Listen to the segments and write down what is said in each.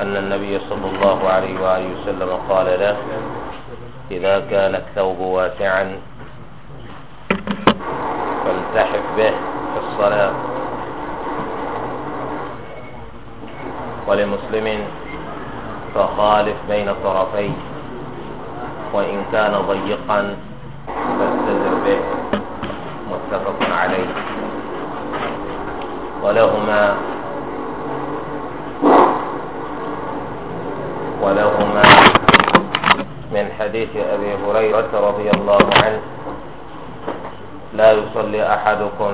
أن النبي صلى الله عليه وآله وسلم قال له إذا كان الثوب واسعا فالتحف به في الصلاة ولمسلم فخالف بين طرفيه وإن كان ضيقا فاستزر به متفق عليه ولهما حديث أبي هريرة رضي الله عنه لا يصلي أحدكم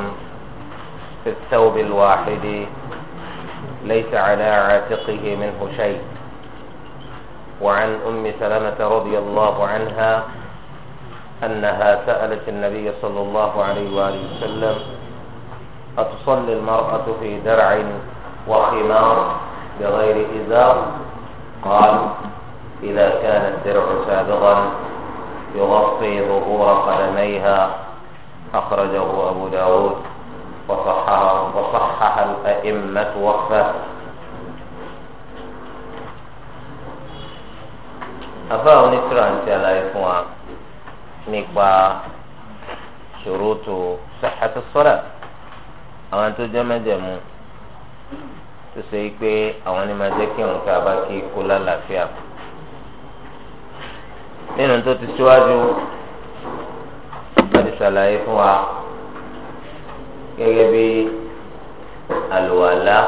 في الثوب الواحد ليس على عاتقه منه شيء وعن أم سلمة رضي الله عنها أنها سألت النبي صلى الله عليه وآله وسلم أتصلي المرأة في درع وخمار بغير إزار قال إذا كان الدرع سابغا يغطي ظهور قدميها أخرجه أبو داود وصححه, وصحح الأئمة وقفه أفاو نكرا أنت لا يفوى شروط صحة الصلاة أو أن تجمع جمع تسيكي أو أن جكي أنت كل لافيا nínú tó ti síwájú láti ṣàlàyé fún wa gẹ́gẹ́ bí àlùwàlá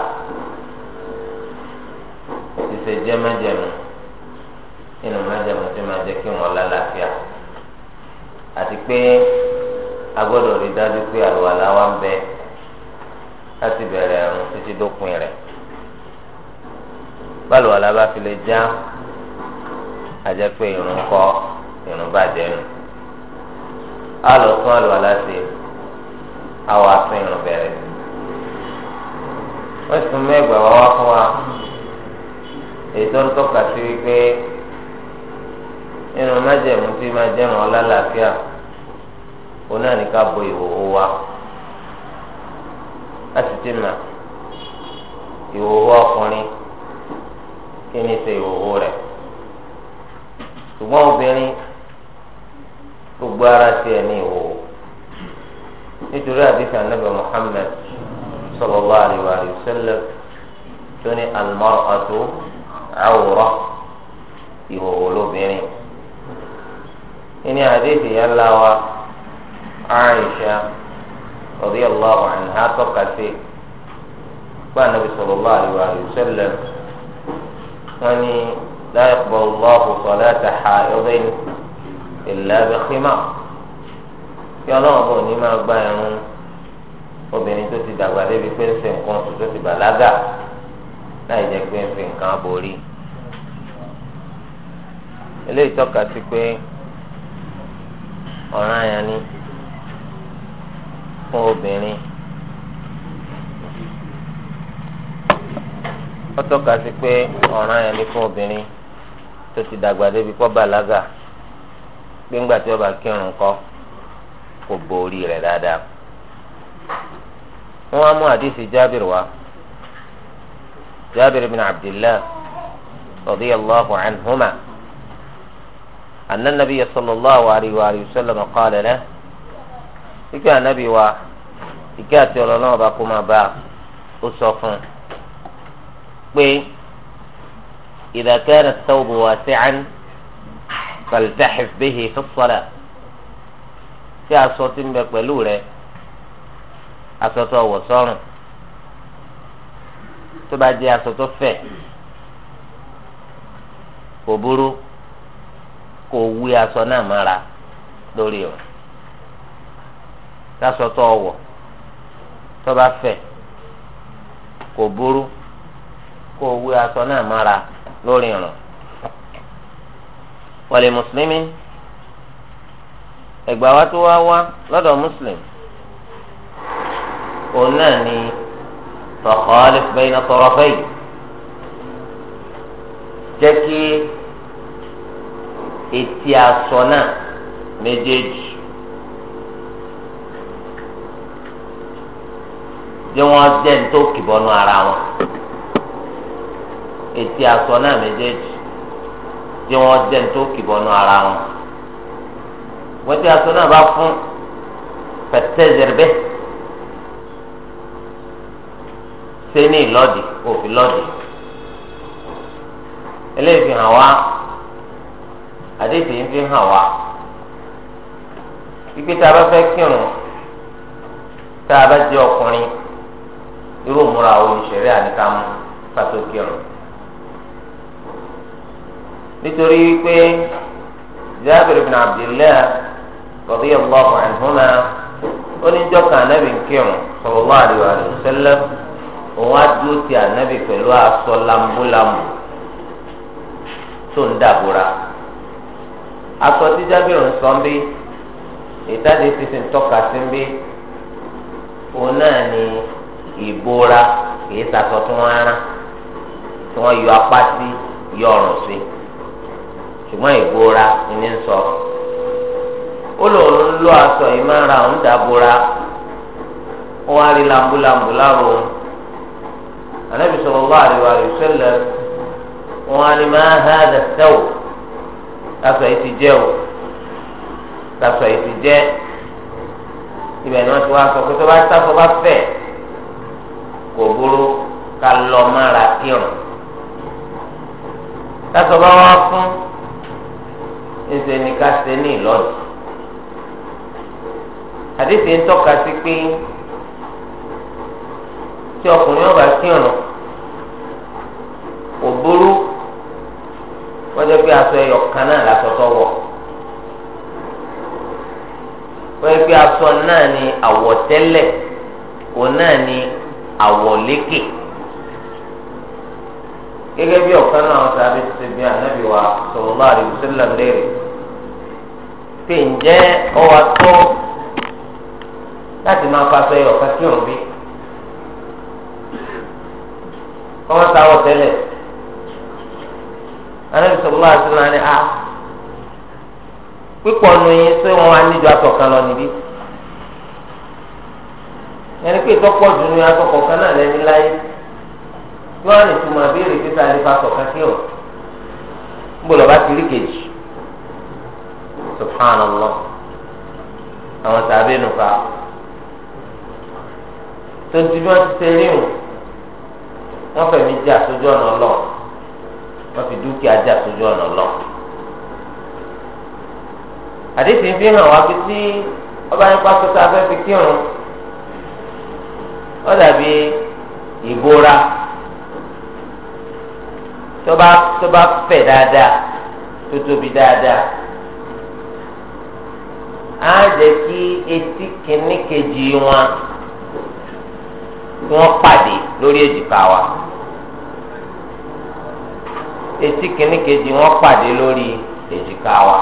ti ṣe jẹ́ májẹ̀mú nínú májẹ̀mú tí máa jẹ́ kí wọ́n lálàáfíà àti pé a gbọ́dọ̀ rí dájú pé àlùwàlá wa ń bẹ láti bẹ̀rẹ̀ ẹ̀rùn títí dópin rẹ̀ báàlùwàlá bá fi lè já ajẹ́ pé irun kọ́ irun bàjẹ́ nù alòkún àlùwà láti àwọn atún irun bẹ̀rẹ̀ wọ́n sì tún mẹ́gbàá wá wá fún wa èyí tó ń tọ́ka sí wípé irun májẹ̀mú tí máa jẹ́rùn ọ́ lálàáfíà òun náà ní ká bo ìhòòhò wa láti ti mà ìhòòhò ọkùnrin kí ni ṣe ìhòòhò rẹ̀ ṣùgbọ́n obìnrin gbogbo ara tiẹ̀ ní ìhòòhò nítorí àdìsí anábì Muhammad sallallahu alaihi wa sallam tó ní al-mar'atu awra ìhòòhò lóbìnrin ìní àdìsí yẹn la wa Aisha radiyallahu anha tọ́ka sí gba anábì sallallahu alaihi wa sallam wọ́n ní. لا يقبل الله صلاة حائض إلا بخمار kí ọlọ́run bò ní máa gba ẹ̀rùn obìnrin tó ti dàgbà débi pé ń fi nǹkan oṣù tó ti bàlágà láì jẹ́ pé ń fi nǹkan borí. eléyìí tọ́ka sí pé ọ̀ràn àyàn ni fún obìnrin ó tọ́ka sí pé ọ̀ràn àyàn ni fún obìnrin tó ti dàgbà débi kọ́ bàlágà gbẹ̀ngbà tí wọ́n bá kírun kọ́ kò borí rẹ̀ dáadáa. wọ́n á mú àdìsí jábìrì wá jábìrì bin abdillah radiyallahu anhuma anna nabiyya sallallahu alayhi wa sallam qaala lahu ike anabi wa ike àti ọlọ́lọ́wọ́ bá kó máa bá sọ fún un إذا كان الثوب واسعا فالتحف به في الصلاة tí aṣọ ti ń bẹ pẹ̀lú rẹ̀ aṣọ tó wọ̀ sọ́rùn tó bá jẹ́ aṣọ tó fẹ̀ kò burú kò wí aṣọ náà mára lórí o táṣọ tó wọ̀ tó bá fẹ̀ kò burú kò wí aṣọ náà mára. lórí ìrun wọlé mùsùlùmí ẹgbà wa tó wá wá lọ́dọ̀ mùsùlùmí òun náà ni fakhalif bayna tarafay jẹ́ kí etí aṣọ náà méjèèjì jẹ́ wọ́n jẹ́ ní tó kìbọnú ara wọn. etí aṣọ náà méjèèjì tí wọ́n jẹ́ tó kìbọnú ara wọn wọ́n ti aṣọ náà bá fún pẹ̀tẹ́zẹ̀rẹ́bẹ́ sẹ́ni ìlọ́dì òfin lọ́dì eléyìí fi hàn wá àdéhìí fi hàn wá ipe tá a bá fẹ́ kírun tá a bá jẹ́ ọkùnrin irú òmùra òun ṣẹ̀rí àníkàmú pàtó kírun. nítorí wípé Jabir ibn Abdillah radiyallahu anhuma oníjọka anabi nkírun sallallahu alaihi wa sallam òun á dúró ti anabi pẹ̀lú aṣọ lambúlambù tó ń dàbúra aṣọ tí Jabir ń sọ ń bí ìtàdé ti fi ń tọ́ka sí ń bí òun náà ni ìbora kìí sasọ tí wọ́n rán tí wọ́n yọ apá sí yọ ọrùn sí ṣùgbọ́n ìbora ni ń sọ ó lò ń lọ aṣọ yìí máa ń ra òun dàbora ó wá rí lambulambu láàrò òun anabi sallallahu alaihi wa sallam wọn á ní máa ha dà sẹwò aṣọ yìí ti jẹ o aṣọ yìí ti jẹ ibẹ̀ ni wọ́n ti wá sọ pé tó bá sáfọ́ bá fẹ̀ kò burú ká lọ mára kírun. Tásọ̀ bá wá fún ńṣe ni ká ṣe ní ìlọ́dì àdéhùn ń tọ́ka sí pé tí ọkùnrin ọba kírun kò burú wọ́n jẹ́ pé aṣọ ẹyọ kan náà la sọ́tọ̀ wọ̀ wọ́n jẹ́ pé aṣọ náà ni àwọ̀tẹ́lẹ̀ òun náà ni àwọ̀lékè gẹ́gẹ́ bí ọ̀kan náà wọ́n sábẹ́ ti ṣe bí anábìwá sallallahu alaihi wasallam léèrè. pé ǹjẹ́ ọwọ́ tó láti máa faṣọ ẹyọ kan kí òun bí ọmọ sáwọ tẹ́lẹ̀ anabi nani a pípọ̀ nu yín sí wọn wá níjọ àtọ̀kan lọ níbí ẹni pé ìtọ́pọ̀ dùn ní akọ̀kọ̀ kan náà lẹ́ni láyé tí wọ́n lè tún máa béèrè ti rí subhanallah àwọn sàbẹ̀ nùfà tó ti bí wọ́n ti ṣe rí wọn wọ́n fẹ̀mí jà sójú ọ̀nà ọlọ́ wọ́n fi dúkìá jà sójú ọ̀nà ọlọ́ àdéhùn fi hàn wá pé tí ọba yẹn pàṣẹ tá a fẹ́ fi kírun ó dàbí ìbora tó bá tó bá fẹ̀ dáadáa tó tóbi dáadáa. á jẹ́ kí etí kìíní kejì wọn kí pàdé lórí èjìká wa etí kìíní kejì wọn pàdé lórí èjìká wa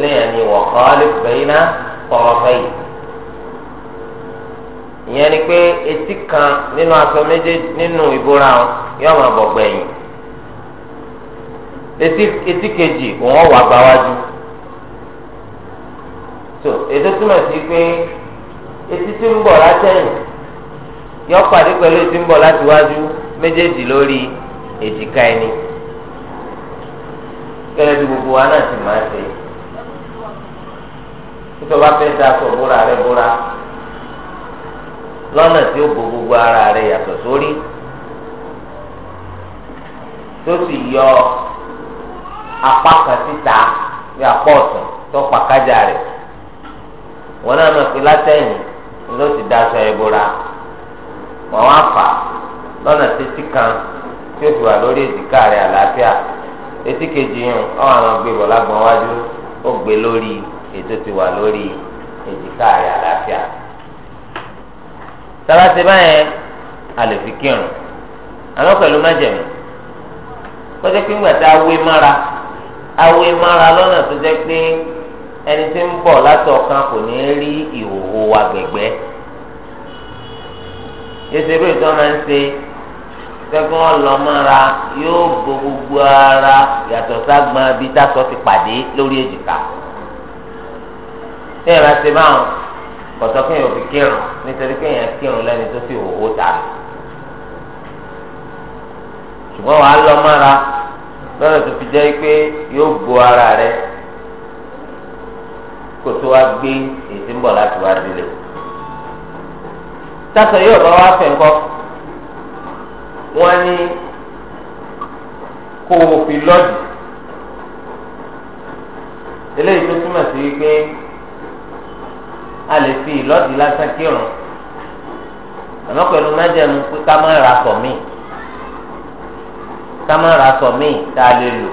ni kan nínú aṣọ nínú wọn etí kejì wà ètò túmọ̀ sí pé etí tí ń bọ̀ látẹ̀yìn yọ pàdé pẹ̀lú etí ń bọ̀ láti wájú méjèèjì lórí èjìká ẹni gẹ́gẹ́ bí gbogbo wa náà ti máa ṣe títọ́ bá fẹ́ da aṣọ búra rẹ búra lọ́nà tí ó bo gbogbo ara rẹ yàtọ̀ sórí tó sì yọ apá kan síta bí apá ọ̀tún tó pa kájà rẹ̀ wọn náà mọ̀ pé látẹ̀yìn ló ti daṣọ ìbora wọn wá fà lọ́nà títí kan tí ó fi wà lórí èjìká rẹ̀ àlàáfíà etí kejì yìí ọ̀hún àwọn gbé lágbọ̀n wájú ó gbé lórí ètò ti wà lórí èjìká rẹ̀ àlàáfíà. sábàtì báyẹn a fi kírun àmọ́ pẹ̀lú májẹ̀mú kọ́jọ́ pé ńgbà tá a mára a mára lọ́nà tó jẹ́ pé ẹni tí ń bọ̀ láti ọ̀kan kò ní rí ìhòòhò agbègbè yẹsẹ bí ìtọ́ máa ń ṣe kẹ́kẹ́ wọn lọ mọ́ra yóò bo gbogbo ara yàtọ̀ ságbọn bí tásọ ti pàdé lórí èjìká tí ìrìn àti báwọn kọ̀tọ́ kéèyàn fi kírun nítorí kéèyàn kírun lẹ́ni tó fi hòhò tà ṣùgbọ́n wàá lọ mọ́ra lọ́dọ̀ tó fi jẹ́ pé yóò bo ara rẹ̀ kó tó wá gbé èsì ń bọ̀ láti wá délé sásọ yóò bá wá fẹ̀ ńkọ́ wọ́n ní kó fi lọ́dì eléyìí tó túmọ̀ sí wípé a lè fi ìlọ́dì lásán kírun àmọ́ pẹ̀lú májẹ̀mú pé ká má ra sọ̀ míì ká má ra sọ̀ míì tá a lè lò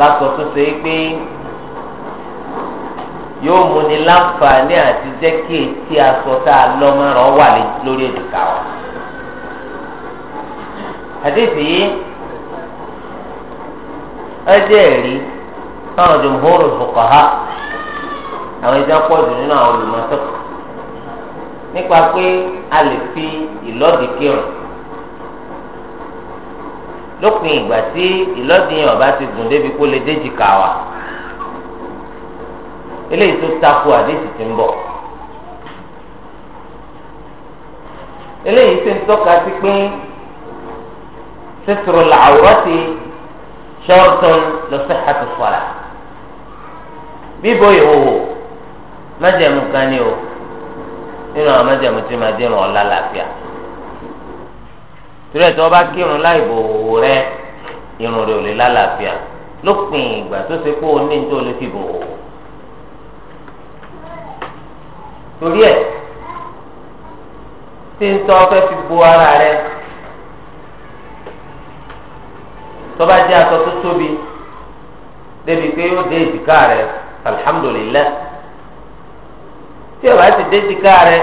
lásọ tó ṣe é pé. yóò mú ni láǹfààní àti jẹ́ etí aṣọ tá a lọ mọ́ràn wà lórí èjìká wa. àdéhùn yìí ẹ jẹ́ ẹ̀rí táwọn jumhur ha àwọn ìjà pọ̀ jù nínú àwọn olùmọ̀tọ́ nípa pé a lè fi ìlọ́dì kírun lópin ìgbà tí ìlọ́dì yẹn ọba ti gùn débi kó lè déjìká eléyìí tó takò àdéhùn ti ń bọ̀ eléyìí tó ń tọ́ka sí pé sísèrò làwùrọ̀ ti ṣọ́ọ̀tún lọ́sẹ̀ àtúfọ̀là bíbo ìhòòhò májẹ̀mú kan ni o nínú àwọn májẹ̀mú tí máa dẹrùn ọ̀la làbíà torí ẹ̀ tí wọ́n bá kírun láì bò òwò rẹ irun rẹ ò lè lálàáfíà lópin ìgbà tó ṣe pé o ní ní tó bò òwò. torí ẹ̀ tí ń tọ́ fẹ́ fi bo ara rẹ tọ́ba jẹ́ aṣọ tó tóbi débi pé yóò dé èjìká rẹ alihamudulilayi tí o bá ti dé èjìká rẹ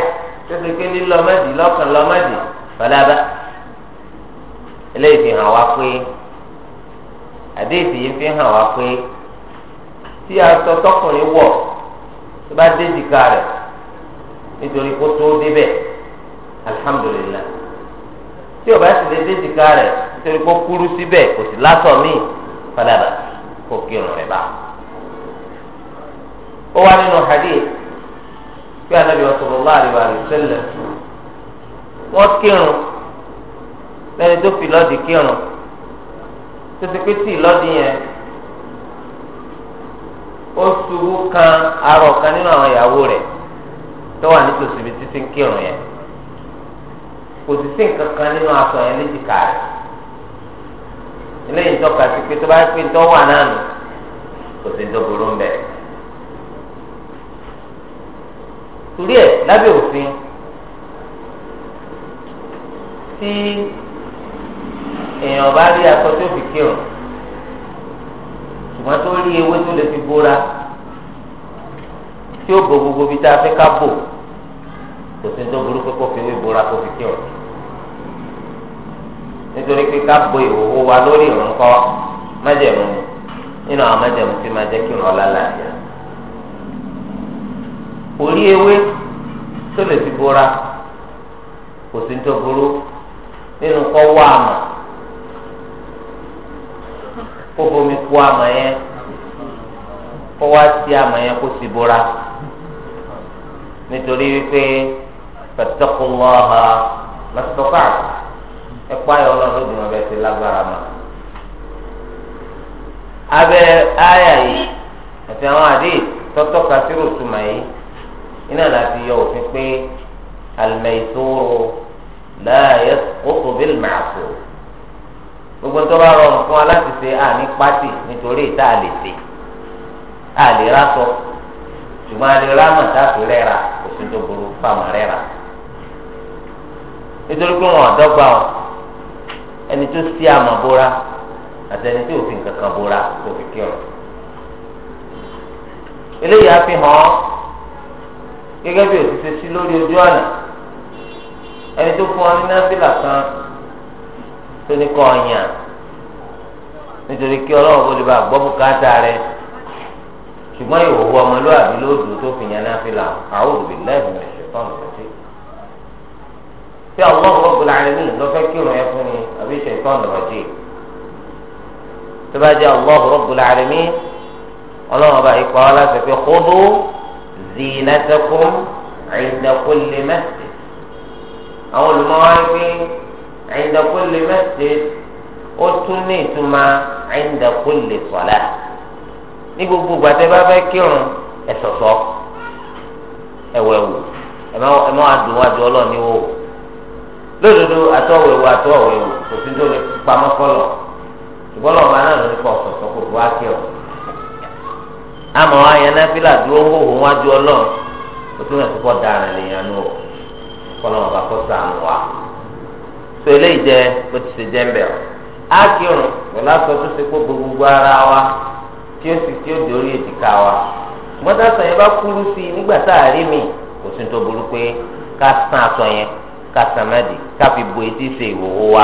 tó ti pé lílọ́mọ́dì lọ́kàn lọ́mọ́dì fọlábà eléyìí fi hàn wá pé àdéhìí fi hàn wá pé tí aṣọ tọkùnrin wọ̀ tó bá dé èjìká rẹ nítorí kó tó débẹ̀ alihamudulilayi tí o bá ti lè dé ìdíkà rẹ̀ nítorí kó kúrú síbẹ̀ kò sí lásọ̀ míì padà bá kó kírun rẹ̀ bá. ó wá nínú hadith bí anabi sallallahu alaihi wa sallam wọ́n kírun lẹ́ni tó fi lọ́ọ̀dì kírun tó ti pé tí ìlọ́ọ̀dì yẹn ó ṣubú kan arọ̀ kan nínú àwọn ìyàwó rẹ̀ tó wà nítòsí ibi títí ń kírun yẹn kò sì sí nǹkan kan nínú aṣọ yẹn léjìká rẹ̀ eléyìí ń tọ́ka sí pé tó bá pé tó wà náà nù kò sí dọ́gbòrò ń bẹ̀. torí ẹ̀ lábẹ́ òfin tí èèyàn bá rí aṣọ tó fi kírun ṣùgbọ́n tó rí ewé tó lè fi bóra. tí ó bo gbogbo bíi tá a fẹ́ ká bò kò sí tó burúkú kó fi wí bora kó fi kí ọ̀dọ̀ nítorí pé ká bo ìhòòhò wa lórí ìrànkọ́ májẹ̀mú nínú àwọn májẹ̀mú tí máa jẹ́ kí ìrànlọ́ lálàáfíà orí ewé tó lè bora kò sí tó burú nínú kọ́ àmà kó kú àmà yẹn kó wá sí àmà yẹn kó sì bora. nítorí wípé fattaqullaha mastata'tum ẹ̀pá yọ ọlọ́run lójú wọn bẹ́ẹ̀ ti lágbára mọ́. abẹ́ àyà yìí àti àwọn àdéhì tọ́tọ́ kásírò túmọ̀ yìí iná láti yọ òfin pé al-maysuru la yasqutu bil-ma'sur gbogbo tó bá rọrùn fún wa láti ṣe àní pátì nítorí ìta àlè ṣe àlè rásọ ṣùgbọ́n àlè rámọ̀ tá a fi rẹ́ra fa wọn rẹ́ra nítorí pé wọn àdọ́gba ọ ẹni tó sí àmọ́ bóra àti ẹni tí òfin kankan bóra tó fi kí ọ̀rọ̀ eléyìí á fi hàn ọ́ gẹ́gẹ́ bí òṣìṣẹ́ sí lórí ojú ọ̀nà ẹni tó fún ọ ní náfìlà kan tó ní kọ́ ọ̀yàn nítorí kí ọlọ́wọ́ bó lè bá gbọ́ bùkátà rẹ̀ ṣùgbọ́n ìhòòhò ọmọlúwàbí lóòdù tó fi yàn náfìlà àwọn òbí lẹ́bùn rẹ̀. الشيطان الرجيم في الله رب العالمين لو فكروا يا فني أبي الشيطان الرجيم تبادى الله رب العالمين ọlọ́run ọba ikọ̀ aláṣẹ pé kódó zinatakum inda kulli masjid àwọn olùmọ̀wá ń pè inda kulli masjid ó tún ní ìtumọ̀ inda ní gbogbo gbàtẹ́ bá fẹ́ kírun ẹ̀sọ̀sọ́ ẹ̀wẹ̀wò ẹ má wàá dùn wájú ọlọ́ọ̀ ní wò lódodo àtọ̀wéwò àtọ̀wéwò kò sí tó lè pamọ́ ṣùgbọ́n lọ́ọ̀bá náà ló ní kọ́ kò wá kí ọ. àmọ́ ayẹyẹ náà fi ń wòwò wájú ọlọ́ọ̀ kò tún lè púpọ̀ dára lèèyàn nù ọ kọ́lọ́ ọba kó sàánù wa. tó eléyìí mọ́tàsán yẹn bá kúrú i nígbà a sí tó burú pé ká sàn aṣọ yẹn ká ká fi bo etí ṣe ìhòòhò wa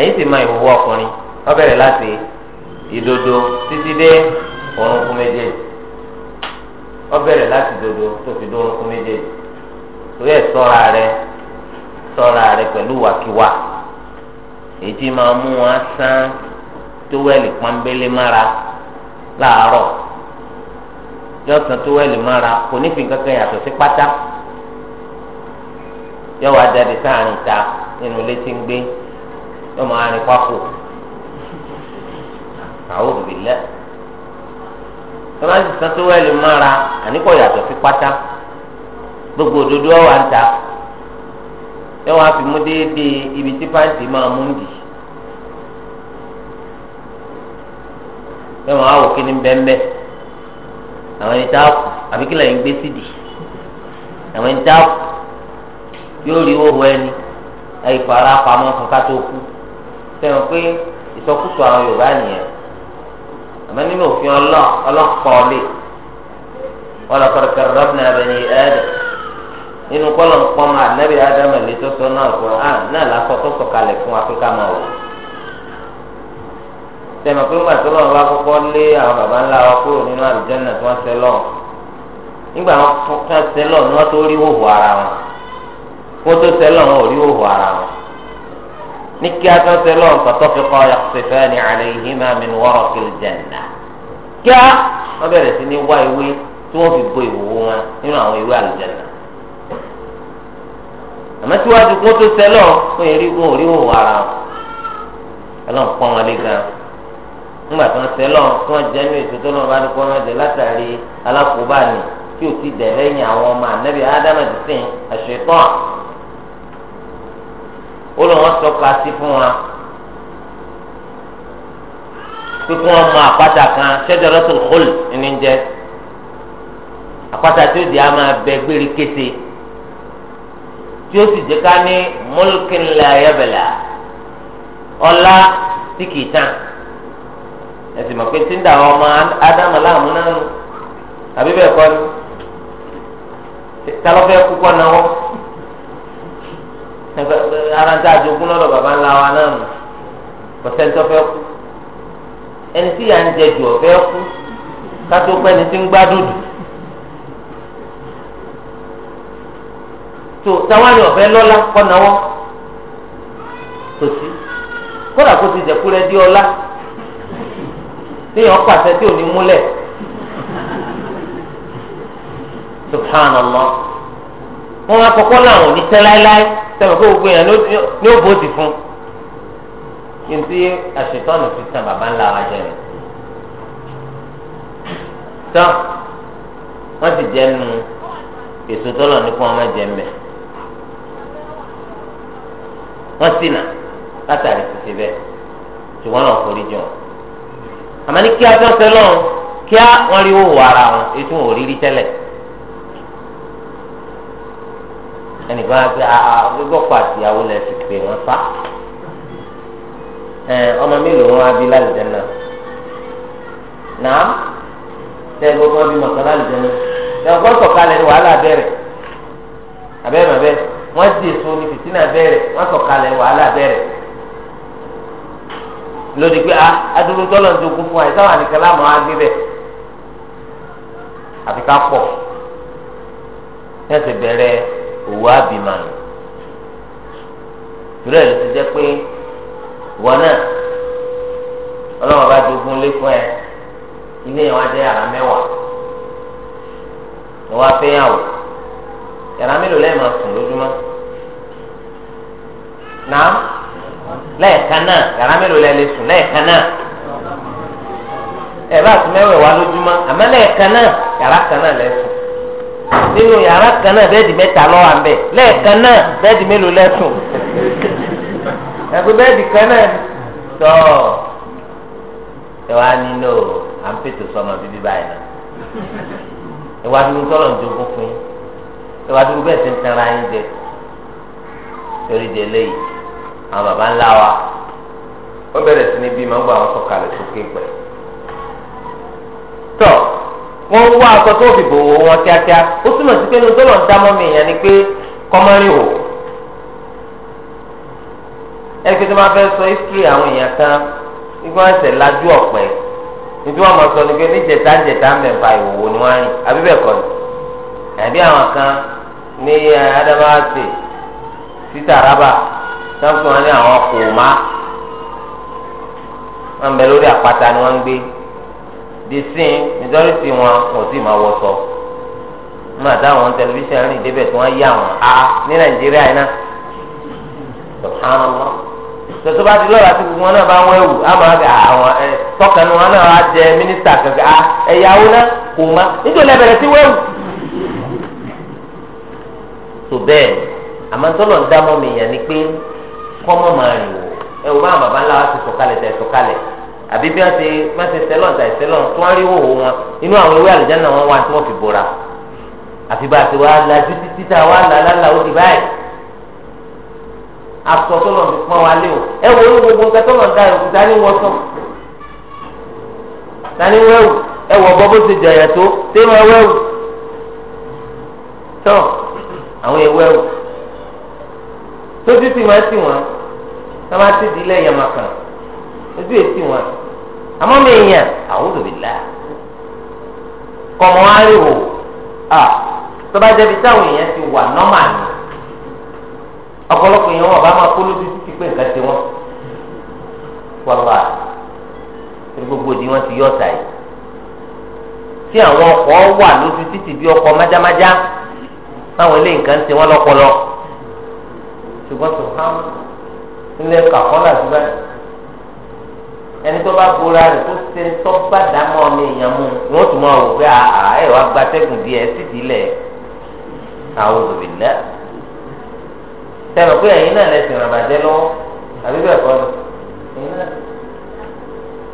ẹ̀yìn sì máa ìhòòhò ọkùnrin wọ́n bẹ̀rẹ̀ láti ìdodo títí dé orúnkún méjèèjì wọ́n bẹ̀rẹ̀ láti ìdodo tó fi dé orúnkún méjèèjì torí ẹ̀ sọ́ra rẹ sọ́ra rẹ pẹ̀lú èyí tí máa mú wọn sán pọ́nbélé mára láàárọ̀ yọ̀ọ̀sán mára kò yóò wá jáde sáàrin ìta nínú ilé tí ń gbé yóò máa rìn pákó àwọn òbí lẹ tọ́lá ti sàn tó wẹ́ẹ̀lì mára àníkọ̀ yàtọ̀ sí pátá gbogbo òdodo ọ̀wà ń ta yóò wá fi mú déédéé ibi tí pàǹtí máa mú ń dì yóò máa wò kí ni àwọn ẹni tá lẹ́yìn gbé sídìí àwọn ẹni yóò rí owó ẹni ìfara pamọ́ fún kátó kú sẹ́wọ̀n pé ìsọkúsọ àwọn Yorùbá nìyẹn àmọ́ nínú òfin ọlọ́kọ̀ọ́lé wọn lọ́kọ̀ọ́ kẹrọ́bìnrin abẹ́ni ẹ̀ẹ́dẹ̀ nínú kọ́lọ̀ nǹkan máa nẹ́bí ádámù ẹ̀lẹ́ tó sọ náà kọ́ án náà lásọ tó sọ kalẹ̀ fún Áfíríkà máa wò sẹ́wọ̀n pé ńgbà tó lọ́wọ́ bá kọ́kọ́ lé àwọn baba ńlá wa kúrò nínú àlùjànnà tí wọ́n sẹ́ lọ́ọ̀ nígbà wọn kọ́ sẹ́ lọ́ọ̀ ni wọ́n tó rí wòwò ara wọn. wọ́n tó sẹ́lọ̀ wọn ò rí òhò ara wọn ní kí a tó sẹ́lọ̀ fàtọ́fẹ́kọ́ yaqsifani alayhima min waraqil a wọ́n bẹ̀rẹ̀ sí ní wá ewé tí wọ́n fi bo ìwòwò wọn nínú àwọn ewé àmọ́ síwájú ara wọn ẹlọ́n pọ́n wọn lé gan nígbà tí wọ́n ó lọ wọn tọ́ka sí fún wa pé kí wọn mọ àpáta kan Shajaratul Khuld ní jẹ àpáta tí ó di a máa bẹ gbére kété tí ó sì jẹ ká ní mulkin la ọlá tí kì í tán ẹsìn mọ̀ pé tí ń dà wọn ọmọ ádámù láàmú náà nù àbí bẹ́ẹ̀ kọ́ ni tálọ́fẹ́ kúkọ́ náà wọ́n ara ń tá a jogún lọ́dọ̀ baba ńlá wa náà nù pọ̀sẹ́ńtọ́ fẹ́ kú ẹni tí yà ń jẹ jù ọ̀fẹ́ kú kátó pẹ́ ni tí ń gbádùn dùn. tó táwọn ni ọ̀fẹ́ lọ́lá kọ́nàwọ́ kò sí kódà kó ti jẹ̀kú rẹ ọlá téèyàn pàṣẹ tí ò ní múlẹ̀ subhanallah wọn akọkọ làwọn ò ní tẹ́ láéláé sẹ́wọ̀n kó gbogbo yẹn ní ó bó ti fún kí n tí àṣetọ́nù fi tàn bàbá ńlá wa jẹ rẹ̀ tán wọ́n ti jẹ́ nu èso tọ́lọ̀ ní kí wọ́n má jẹ mbẹ́ wọ́n sì nà látàrí ṣiṣẹ́ bẹ́ẹ̀ ṣùgbọ́n náà forí jọ àmọ́ ní kí a tọ́ sẹ́lọ̀ kí wọ́n rí owó ara wọn ètò òrírí tẹ́lẹ̀. ẹnìkan á pé ah, ah, gbogbo ọkọ àtìyàwó lẹ ti pè wọn fa ọmọ mélòó wọn á bí náà náà tẹ gbogbo wọn bí mọ̀kàn lálùjẹ náà tẹ ọgbọ́n sọ̀kalẹ̀ ní wàhálà bẹ̀rẹ̀ abẹ́rẹ́ bẹ́ẹ̀ wọ́n di èso ní fìtínà bẹ̀rẹ̀ wọ́n sọ̀kalẹ̀ wàhálà bẹ̀rẹ̀ lórí pé ah, adúlù tọ́lọ̀ ń dogun fún wa sáwọn àníkàlá mọ́ á pọ̀ òwò àbìmọ̀ rẹ̀ ìrẹ́ ló ti jẹ́ pé ìwọ náà ọlọ́run bá jogún lé fún ẹ ilé yẹn wá jẹ́ yàrá mẹ́wàá ìwọ afẹ́yàwó yàrá mélòó lẹ́ẹ̀ máa sùn lójúmọ́ náà lẹ́ẹ̀kan náà yàrá mélòó lẹ́ẹ̀ lè sùn lẹ́ẹ̀kan náà ẹ̀ bá sùn mẹ́wẹ̀ẹ́ wá lójúmọ́ àmọ́ lẹ́ẹ̀kan náà yàrá kan náà lẹ́ẹ̀ sùn. nínú yàrá kan náà bẹ́ẹ̀dì mẹ́ta lọ́wọ́ àmbẹ̀ lẹ́ẹ̀kan náà bẹ́ẹ̀dì mélòó lẹ́sùn ẹ̀kú bẹ́ẹ̀dì kan náà tọ́ ẹ wá nílò à ń pètò sọmọ bíbí báyìí náà ẹ dúró tọ́lọ̀ ń jogún fún yín ẹ dúró bẹ́ẹ̀ ti ń yín jẹ torí léyìí àwọn baba ńlá wa wọ́n bẹ̀rẹ̀ sí ní bí màá gbọ́ àwọn sọ̀kalẹ̀ wọ́n wá aṣọ tó fi bò wọ́n kíákíá ó túmọ̀ sí pé ní tó lọ dá mọ́ mi yẹn ni pé kọ́mọ́rì hò ẹni pé tó máa fẹ́ sọ history àwọn èèyàn kan nígbà wọn lajú ọ̀pẹ nítorí wọn mọ̀ sọ ni pé ní jẹ̀tá jẹ̀tá mẹ́fà ìwòwò ni wọ́n rìn àbí ni àbí àwọn kan ní eh, Adamawa ṣe títà rábà sáfù wọn ní àwọn kò má wọn bẹ lórí àpáta ni wọ́n ń gbé. di sin majority wọn kò sì máa wọṣọ nígbà táwọn tẹlifíṣàn rìn débẹ̀ tí wọ́n yà wọn a ní nàìjíríà iná subhanallah tọ́tọ́ bá ti lọ́ra tí gbogbo wọn náà bá wọ́n ẹ̀wù á máa àwọn ẹ̀ tọ́kànnù wọn náà á jẹ mínísítà kankan a ẹ̀yàwó náà kò má nítorí ẹ̀bẹ̀rẹ̀ sí wẹ́wù. tó bẹ́ẹ̀ àmọ́tọ́lọ̀ ń dámọ́ mi yàn ni pé kọ́mọ́ máa rìn wò ẹ̀ wò bá àwọn baba àbí bí wọ́n ti má ti sẹ́lọ̀ ọ̀tà ìsẹ́lọ̀ tó wọ́n rí wòwò wọn inú àwọn ewé àlùjáná wọn wá tí wọ́n fi bora àfi bá a ti wá lajú títí tá a wá là lálà ó di báyìí aṣọ tó lọ fi pọ́n wa lé o ẹ wo ní gbogbo nǹkan tó lọ da ẹ̀ òkúta ní wọ́n sọ tani wẹ́wù ẹ wọ bọ́ bó ti jẹ̀yẹ̀ tó dé wọn wẹ́wù tọ́ àwọn ewẹ́wù tó títí wọn ti wọn tá wọn ti di ilé yẹn màkàn ojú èsì wọn àmọ́ mi yàn a'udhu billah kọ̀mọ́ ariwo à tọ́ba jẹbi táwọn èèyàn ti wà nọ́mà ni ọ̀pọ̀lọpọ̀ èèyàn wọn bá máa kó lójú títí pé nǹkan ti wọn wàlúwà tí gbogbo di wọn ti yọ ọ̀tà yìí tí àwọn ọkọ̀ wà lójú títí bí ọkọ̀ májámájá táwọn ilé nǹkan ti wọn lọ́pọlọ ṣùgbọ́n sọ̀rọ̀ nílẹ̀ kàkọ́ làdúrà yìí ẹni tó bá bora rẹ̀ tó ṣe tó bá dámọ̀ ọmọ èèyàn mu wọ́n tún máa wò pé àà ẹ̀ wá gba tẹ́gùn díẹ̀ sí ìdílẹ̀ àwọn òbílẹ̀ sẹ́nu pé ẹ̀yin náà lẹ́sìn ràbàjẹ́ lọ́wọ́ àbí bẹ́ẹ̀ kọ́ ni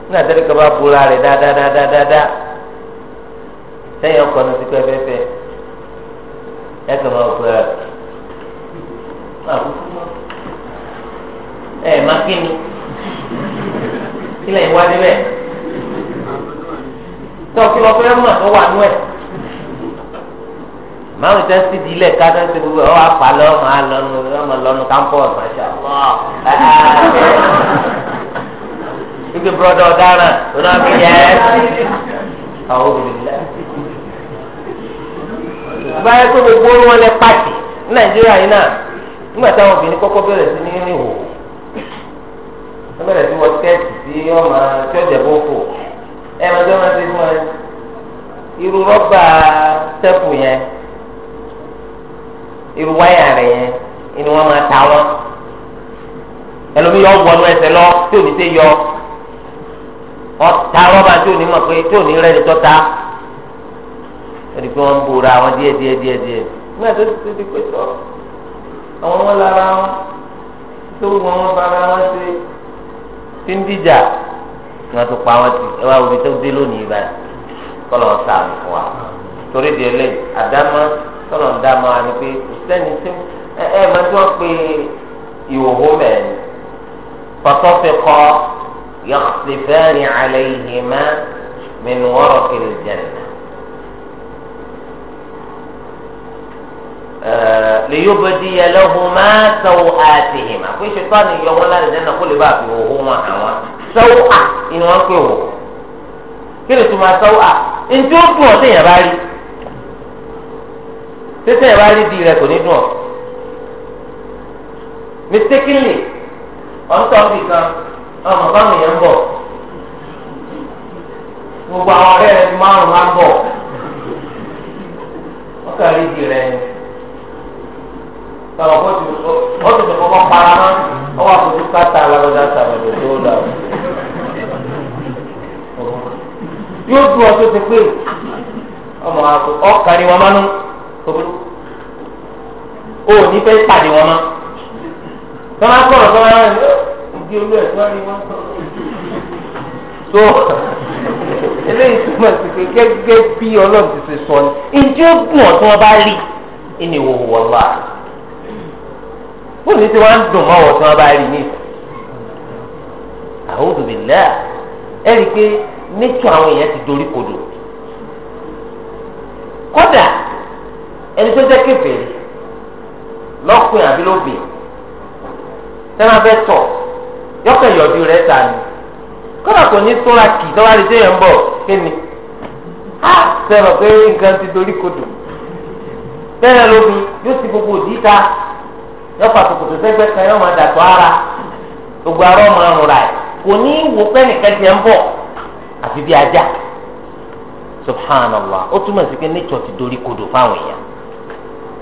nígbà tẹ́lẹ̀ kan bá bora rẹ̀ dáadáadáadáa sẹ́yìn ọkọ̀ ní ti pẹ́ẹ́pẹ́ẹ́pẹ́ ẹ̀ kàn máa bora rẹ̀ ẹ̀ má kí ni kílẹ̀ ìwá níbẹ̀ tó kí lọ fẹ́ mọ̀ tó wà nú ẹ̀ máa ń tẹ́ sí di ilẹ̀ ká tẹ́sí gbogbo ẹ̀ ọ́ apá lọ́ máa lọ́nu ọmọ lọ́nu kámpọ́ọ̀sì máṣá ike bùrọ̀dá ọ̀daràn ọ̀nà mi yẹ ẹ́ àwọn obìnrin lẹ́ báyọ̀ pé gbogbo wọn lẹ pàtì ní Nàìjíríà yìí náà nígbà táwọn obìnrin kọ́kọ́ bẹ̀rẹ̀ sí ní ìhòòhò wọ́n bẹ̀rẹ̀ sí wọ skẹ́ẹ̀tì tí wọ́n máa tí ọ̀jẹ̀ bó fò ẹ máa tí wọ́n máa ti fún ẹ irú rọ́bà tẹ́pù yẹn irú wáyà rẹ̀ yẹn inú wọn máa ta wọn ẹlòmíì yọ wọnú ẹsẹ̀ lọ tí ò ní sè yọ ọta rọ́bà tí ò ní mọ̀ pé tí ò ní rẹ̀ ní tọ́ta ẹni pé wọ́n ń bora àwọn díẹ̀ díẹ̀ díẹ̀ díẹ̀ nígbà tó ti ti pé tọ́ àwọn wọn lára wọn tó wọn bára wọn ṣe tí ń dìjà ni wọn tó pa wọn ti ẹ wá omi tó dé lónìí báyìí kọlọ ń sàmì fún wa torí di ẹlẹ́yìn àdámọ́ kọlọ ń dámọ́ wa ni pé kò sẹ́ni tí ẹ ẹ máa tí wọ́n pe ìhòòhò mẹ́rin fọtọ́fẹ́kọ yọ̀ọ́sì fẹ́ẹ́rì àlẹ́ ìhìnmá mi ni wọ́n kiri jẹ̀nà. lèyóbodì yẹ lọ́hùn máa sọ̀wọ́ àtìhìn àpò ìṣètò àná ìyọ̀ wọn láti dáná kó lè bá àfi òhun wọn àwọn sọ̀wọ́ à ni wọ́n pè wò kí lè tún máa sọ̀wọ́ à ntí ó dùn ọ́ téèyàn bá rí téèyàn bá rí di rẹ̀ kò ní dùn ọ́ mistakenly ọ̀ntọ́ bì kan ọmọ báwọn yẹn ń bọ̀ gbogbo àwọn ọ̀rẹ́ rẹ̀ márùn máa ń bọ̀ ọkọ̀ rí di rẹ̀ sọ̀rọ̀ kó ti ó ti tẹ̀kọ́ kọ́ para mọ́ ọ wà fojú káta alágbádá sàmẹ̀dọ̀ tó dà o. yóò du ọ tó ti pé ọmọ àgọ́ ọkàrí wọn mọ́nú o ní fẹ́ pàdé wọn mọ́ sọ́nà sọ̀rọ̀ sọ́nà rẹ̀ ìdí olú so eléyìí túmọ̀ sí pé gẹ́gẹ́ bí ọlọ́run ti ṣe sọ ni ìdí ó tí wọ́n bá rí ìní ìwòwò wọ́n wà á ó ní tí wọ́n ń dùn mọ́ wọn tí wọ́n bá rí ní ìfọ̀ àwòdù bìlá ẹ rí i pé nítorí àwọn èèyàn ti dorí kodò kódà ẹni tó jẹ́ kébèrè lọ́kùnrin àbí lóbìn tẹ́lá fẹ́ tọ̀ yọkẹ̀ yọ̀dú rẹ̀ ta ni kódà kò ní tó ra kì tọ́wá rí téèyàn ń bọ̀ kí ni á sẹ́wọ̀n pé nǹkan ti dorí kodò bẹ́ẹ̀ lóbìn yóò ti gbogbo òdì ta yọ fà kòkòtò sẹ́gbẹ́ kan yọ máa dàtọ̀ ara gbogbo ara ọmọ ọrùn rà ẹ̀ kò ní wò pẹ́ nìkan tiẹ̀ ń bọ̀ àfi bí ajá subhanallah ó túmọ̀ sí pé nature ti dorí kodò fáwọn èèyàn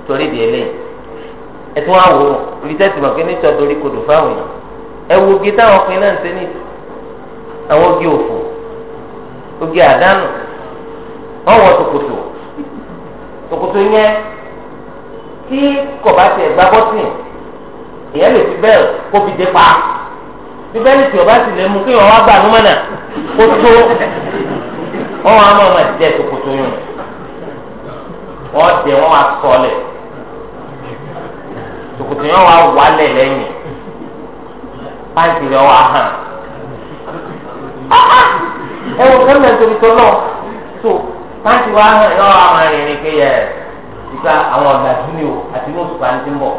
torí di eléyìí ẹ tún wá wò ó ibi tẹ́sí mọ̀ pé nature dorí kodò fáwọn èèyàn ẹ wo oge táwọn ọkùnrin náà ń ṣe ní àwọn oge òfò oge àdánù wọn tòkòtò tòkòtò yẹn tí kò bá tẹ̀ gbá bọ́tìn èyàn lè fi bẹ́ẹ̀ kó fi dé pa bíbélì tí o bá sì lè mú kí wọn wá gbà lómọ́nà kó tó wọn wá máa máa jẹ tòkòtò yùn wọn dẹ wọn wá sọlẹ tòkòtò yẹn wá wálẹ̀ lẹ́yìn pàǹtí rẹ̀ wá hàn ẹ wọ kẹ́mẹ́ nítorí tó lọ tó pàǹtí wá hàn yọ àwọn arìnrìn kéye ìgbà àwọn ọ̀gá dúnìí o àti ní oṣù pàǹtí bọ̀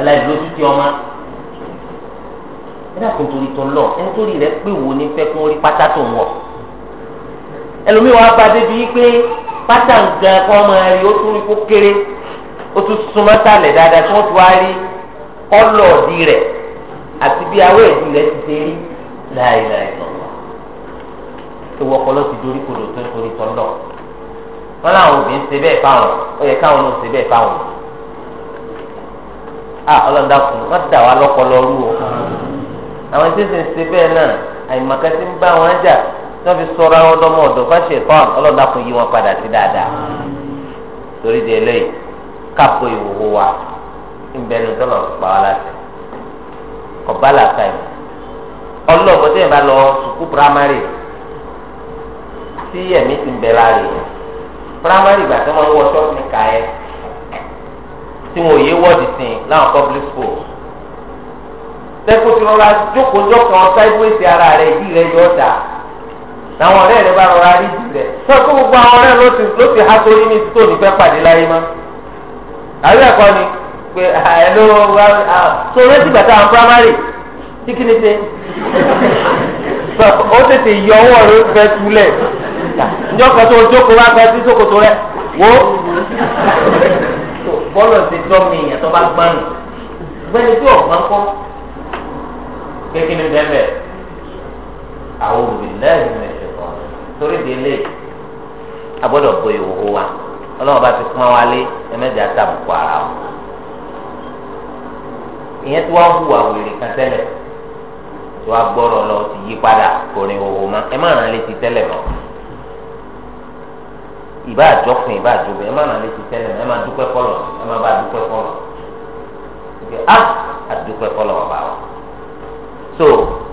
aláìlójú ti ọmọ ẹ dàpọ̀ nítorí tó lọ ẹ nítorí rẹ pé wo ni fẹ́ kún orí pátá tó ń wọ̀ ẹlòmíì wàá bá débi pé pátá nǹkan kọ́ ọmọ rẹ ó tún rí kó kéré ó tún súnmọ́ sálẹ̀ dáadáa tí wọ́n ti wá rí kọ́lọ̀ ọ̀dì rẹ̀ àti bí awé ìdí rẹ̀ ti ṣe rí láìláì lọ́wọ́ ewu ọpọlọ ti dorí kodò tó ń torí tọ́ lọ wọn làwọn òbí ń ṣe bẹ́ẹ̀ fáwọn ó yẹ káwọn ló ń ṣe bẹ́ẹ̀ fáwọn a ah, ọlọ́dà kùn wọ́n dà wá lọ́pọlọ rú o àwọn tí sì ń se bẹ́ẹ̀ náà àyìnbákan ti ń bá wọn jà tó fi sọ̀rọ̀ àwọn ọlọ́mọ ọ̀dọ́ fáṣẹ tán ọlọ́dà kùn yí wọn padà sí dáadáa torí di eléyìí kápò ìwòwò wa ìbẹ̀rù tó lọ́ọ́ pa wá láti ọ̀bá làkà yìí ọlọ́ọ̀bọ̀ tẹ́yìn bá lọ sùkú primary tí ẹ̀mí ti ń bẹ̀ láàrin primary gbà tó máa ń tí wọn ò yé wọ́ọ̀dì sìn láwọn public school tẹkutu rọra jókòó jọkàn sáíwèsì ara rẹ ìdí rẹ yọ ọdà làwọn ọ̀rẹ́ rẹ bá rọra rí ìdí rẹ sọ pé gbogbo àwọn ọ̀rẹ́ ló ti ló ti há sórí ní títò nífẹ̀ẹ́ pàdé láyé mọ́ àbí ẹ̀kọ́ ni pé ẹ̀ló ah, ah, so rẹ́sì gbàtà àwọn primary tí ṣe ó tètè yọ ọwọ́ rẹ fẹ́ túlẹ̀ ìjọkọ̀ tó o jókòó wá fẹ́ sí sókòtò rẹ wò ó bọ́lọ̀ ti tọ́ mi èèyàn tó bá gbọ́n nù gbẹ́ni tí ọ̀gbọ́n kọ́ kékeré bẹ́ẹ̀ àwọn olùbílẹ̀ ìmọ̀ ẹ̀ṣẹ̀ kan torí délé agbọ́dọ̀ bọ ìhòòhò wa ọlọ́run bá ti pọ́n wa lé ẹ̀mẹ́jà tàbùkù ara wọn ìyẹn tí wọ́n hùwà wèrè kan tẹ́lẹ̀ tí wọ́n gbọ́rọ̀ lọ ti yí padà kò rìn ìhòòhò mọ́ ẹ má ràn án létí tẹ́lẹ̀ mọ́ ìbá àjọkùn ìbá àjọbẹ ẹ má nà létí tẹlẹ ẹ má dúpẹ́ kọlọ ẹ má bá dúpẹ́ kọlọ ẹ á ah, àdúpẹ́ kọlọ wà bá wa so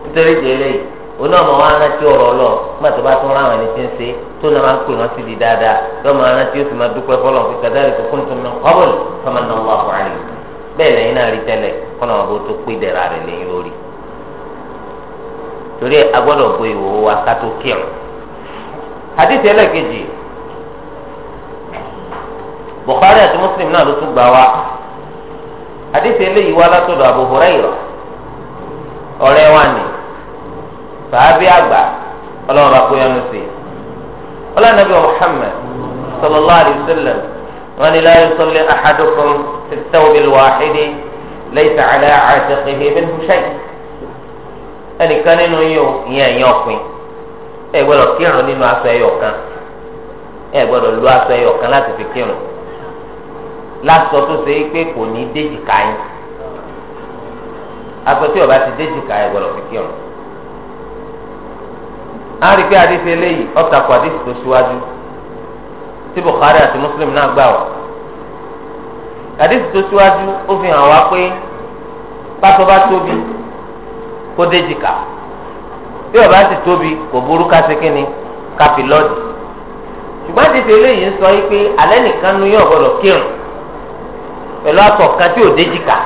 nítorí ti eléyìí oní ọmọ wa rántí ọ̀rọ̀ lọ nígbà tó bá tún ra àwọn ẹni tí ń ṣe tó náà máa ń pè wọn sí di dáadáa lọmọ rántí ó sì máa dúpẹ́ kọlọ fi kàdáàrí kókó nítorí náà kọbọlù kọmọ náà wà fún àlè bẹ́ẹ̀ lẹ́yìn náà rí tẹ́lẹ̀ kọlọ wọn bó tó pé dẹra rẹ lẹ́yìn lórí torí agbọ́dọ̀ bo ìwòwò wa ká tó kírun àdìsí ẹlẹ́kejì bukhari àti muslim náà ló tún gbà wá àdìsí eléyìí wá látọ̀dọ̀ abu hurairah ọ̀rẹ́ wa ni sàábì àgbà ọlọ́run bá kóyanu sí i ọlọ́run nàbí muhammad sallallahu alayhi wa sallam wọn ni la yusalli ahadukum fi thawbi al-wahidi laysa ala atiqihi minhu shay ẹnìkan nínú yìí ó ìyẹn ẹ̀yìn ọ̀pin ẹ gbọ́dọ̀ kírun nínú aṣọ ẹyọ kan ẹ gbọ́dọ̀ lu aṣọ ẹyọ kan láti fi kírun lásọ tó ṣe é pé kò ní déjìká yín apẹtẹ ọba ti déjìká yín gbọ́dọ̀ fi kírun a rí i pé adéṣe eléyìí ọ̀tàkùn adéṣe tó ṣíwájú tí Bukhari àti Muslim náà gbà wá adéṣe tó ṣíwájú ó fi hàn wá pé pátó bá tóbi kó déjìká bí ọba ti tóbi kò burú kásekínni kápilọ́ọ̀dì ṣùgbọ́n adéṣe eléyìí ń sọ yìí pé alẹ́ nìkan nu yóò gbọ́dọ̀ kírun pẹ̀lú aṣọ kan tí ò déjìká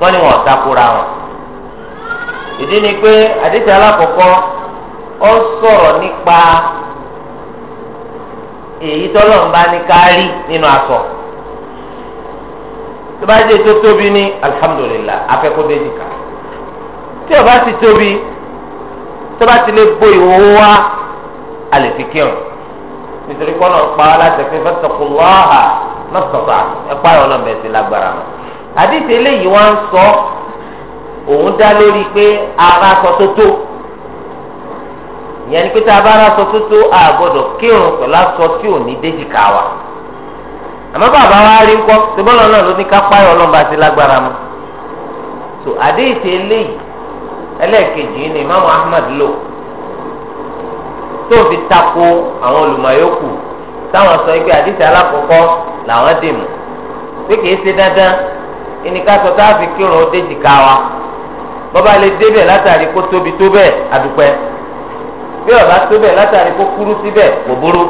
wọ́n ní wọn takora wọn ìdí ni pé àdìsí alákọ̀ọ́kọ́ ó sọ̀rọ̀ nípa èyí tọ́lọ̀ ń bá ní kárí nínú aṣọ tó bá jẹ́ tó tóbi ní alihamudulilayi afẹ́kọ́ déjìká tí ó bá ti tóbi tó bá ti lè bo ìwòwò wa a fi kírun nítorí kọ́nà pa á láti fi fẹ́ mọ́tòfà ẹ̀pá ọlọ́mọbẹ sí lágbára mọ́. àdìsí eléyìí wọ́n ń sọ òun dá lórí pé ara sọ tó ìyẹn ni pé tá a bá ara sọ tó tó a gbọ́dọ̀ kírun pẹ̀lú aṣọ tí ò ní déjìká wa. àmọ́ bàbá wa rí ńkọ́ ṣùgbọ́n náà ló ní ká páyọ̀ ọlọ́mọba sí lágbára mọ́. tó àdìsí eléyìí ẹlẹ́ẹ̀kejì ni Imam Ahmad lò tó fi tako àwọn olùmọ̀ọ́yọ́kù táwọn sọ pé àdìsí alákọ̀ọ́kọ́ làwọn dì mú pé kìí ṣe dandan ìníkàsọ tá fi kírun ó déjì ká wa bọ́ba lè débẹ̀ látàrí kó tóbi tó bẹ́ẹ̀ àdùpẹ́ bí ọba tó bẹ́ẹ̀ látàrí kó kúrú síbẹ̀ kò burú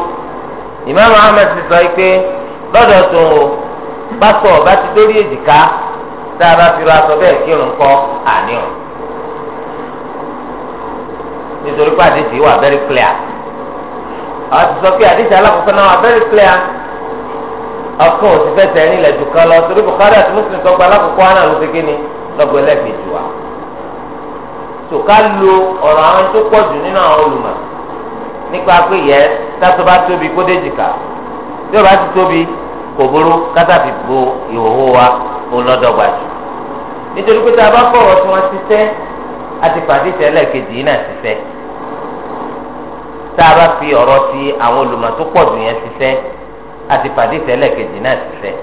ti sọ lọ́dọ̀ o pásọ̀ ọba ti dórí èjìká tá a bá fi ra aṣọ bẹ́ẹ̀ kírun kọ́ nítorí wà very clear. àwọn ti sọ pé àdìsí alákọ̀ọ́kọ́ náà wà very clear ọkàn ò sì fẹsẹ̀ ní ilẹ̀ jù kan lọ torí Bukhari àti Muslim sọ pé alákọ̀ọ́kọ́ àná ló ti kíni lọ́gbọ̀ ẹlẹ́ẹ̀kejì wa. tó ká lo ọ̀rọ̀ àwọn tó pọ̀ jù nínú àwọn olùmọ̀ nípa pé yẹ tátó bá tóbi kó dé jìkà tí ó bá ti tóbi kò burú kátà fi bo ìhòòhò wa ó lọ́dọ̀gba jù. nítorí pé tá a bá fọ̀rọ̀ tí wọ́n ti sẹ́ àti pàdé ìtẹ́lẹ̀ kejì yìí náà ti sẹ́ tá a bá fi ọ̀rọ̀ ti àwọn olùmọ̀ tó pọ̀ jù yẹn ṣiṣẹ́ àti pàdé tẹ́lẹ̀ kejì náà ṣiṣẹ́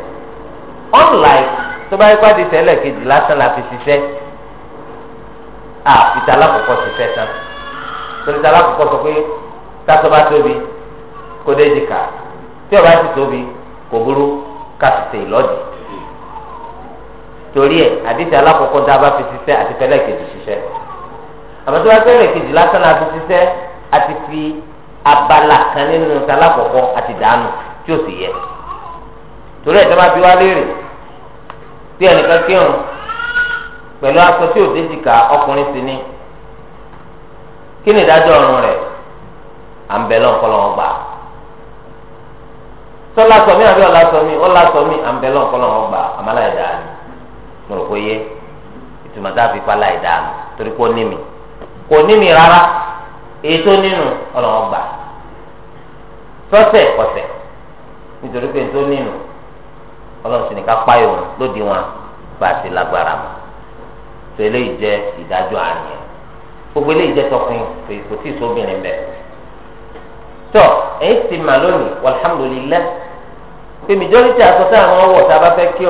unlike tó bá yẹ pàdé tẹ́lẹ̀ kejì lásán la fi ṣiṣẹ́ àfitá alákọ̀ọ́kọ́ ṣiṣẹ́ tán torí tá alákọ̀ọ́kọ́ sọ pé tásọ bá tóbi kó dé jìkà tí ọba ti tóbi kò burú ká sì tè lọ́dì torí ẹ àdìsí alákọ̀ọ́kọ́ tá a bá fi ṣiṣẹ́ àti tẹ́lẹ̀ kejì ṣiṣẹ́ àmọ́ kejì lásán la fi ṣiṣẹ́ àti fi abala kan nínú sálá kọ̀kọ́ àti dànù tí ó sì yẹ torí ẹ̀ tó bá fi wá léèrè tí ẹnìkan kírun pẹ̀lú aṣọ tí ò déjìká ọkùnrin sí ni kí ni ìdájọ́ ọ̀run rẹ̀ à ń bẹ̀ lọ́nkọ́lọ́wọ́ gbà sọlá sọmi àbí ọlá sọmi ọlá sọmi à ń bẹ̀ lọ́nkọ́lọ́wọ́ gbà àmàlà ẹ̀dá ni mo rò pé yé ìtumọ̀ tá a fi pa láì dáa torí kò ní mi kò ní mi rárá. ètò nínú ọlọ́wọ́n gbà sọ́sẹ̀ kọ̀sẹ̀ nítorí pé ètò nínú ọlọ́run sì ní ká páyò lóde wọn bá a ti lágbára mọ́ tó jẹ́ ìdájọ́ àárín gbogbo eléyìí jẹ́ tọkùn kò tí ì sóbìnrin bẹ́ẹ̀ tọ́ èyí ti mà lónìí pé àwọn a bá fẹ́ kí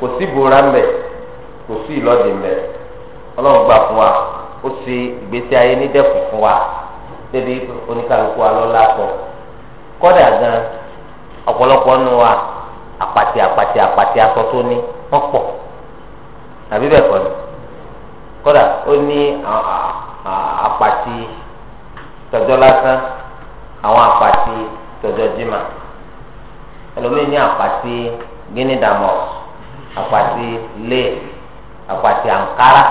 kò sí ìbora ń bẹ̀ kò sí ìlọ́dì ń bẹ̀ ọlọ́run gbà fún ó ṣe ìgbésí ayé ní dẹ́kun fún wa débi oníkàlùkù alọ́lá kọ́dà gan ọ̀pọ̀lọpọ̀ nù wa àpàtì àpàtì àpàtì aṣọ tó ní wọ́n pọ̀ bẹ́ẹ̀ ni kọ́dà ó ní àpàtì tọjọ́ lásán àwọn àpàtì tọjọ́ jimá ẹlòmíín ní àpàtì ankara.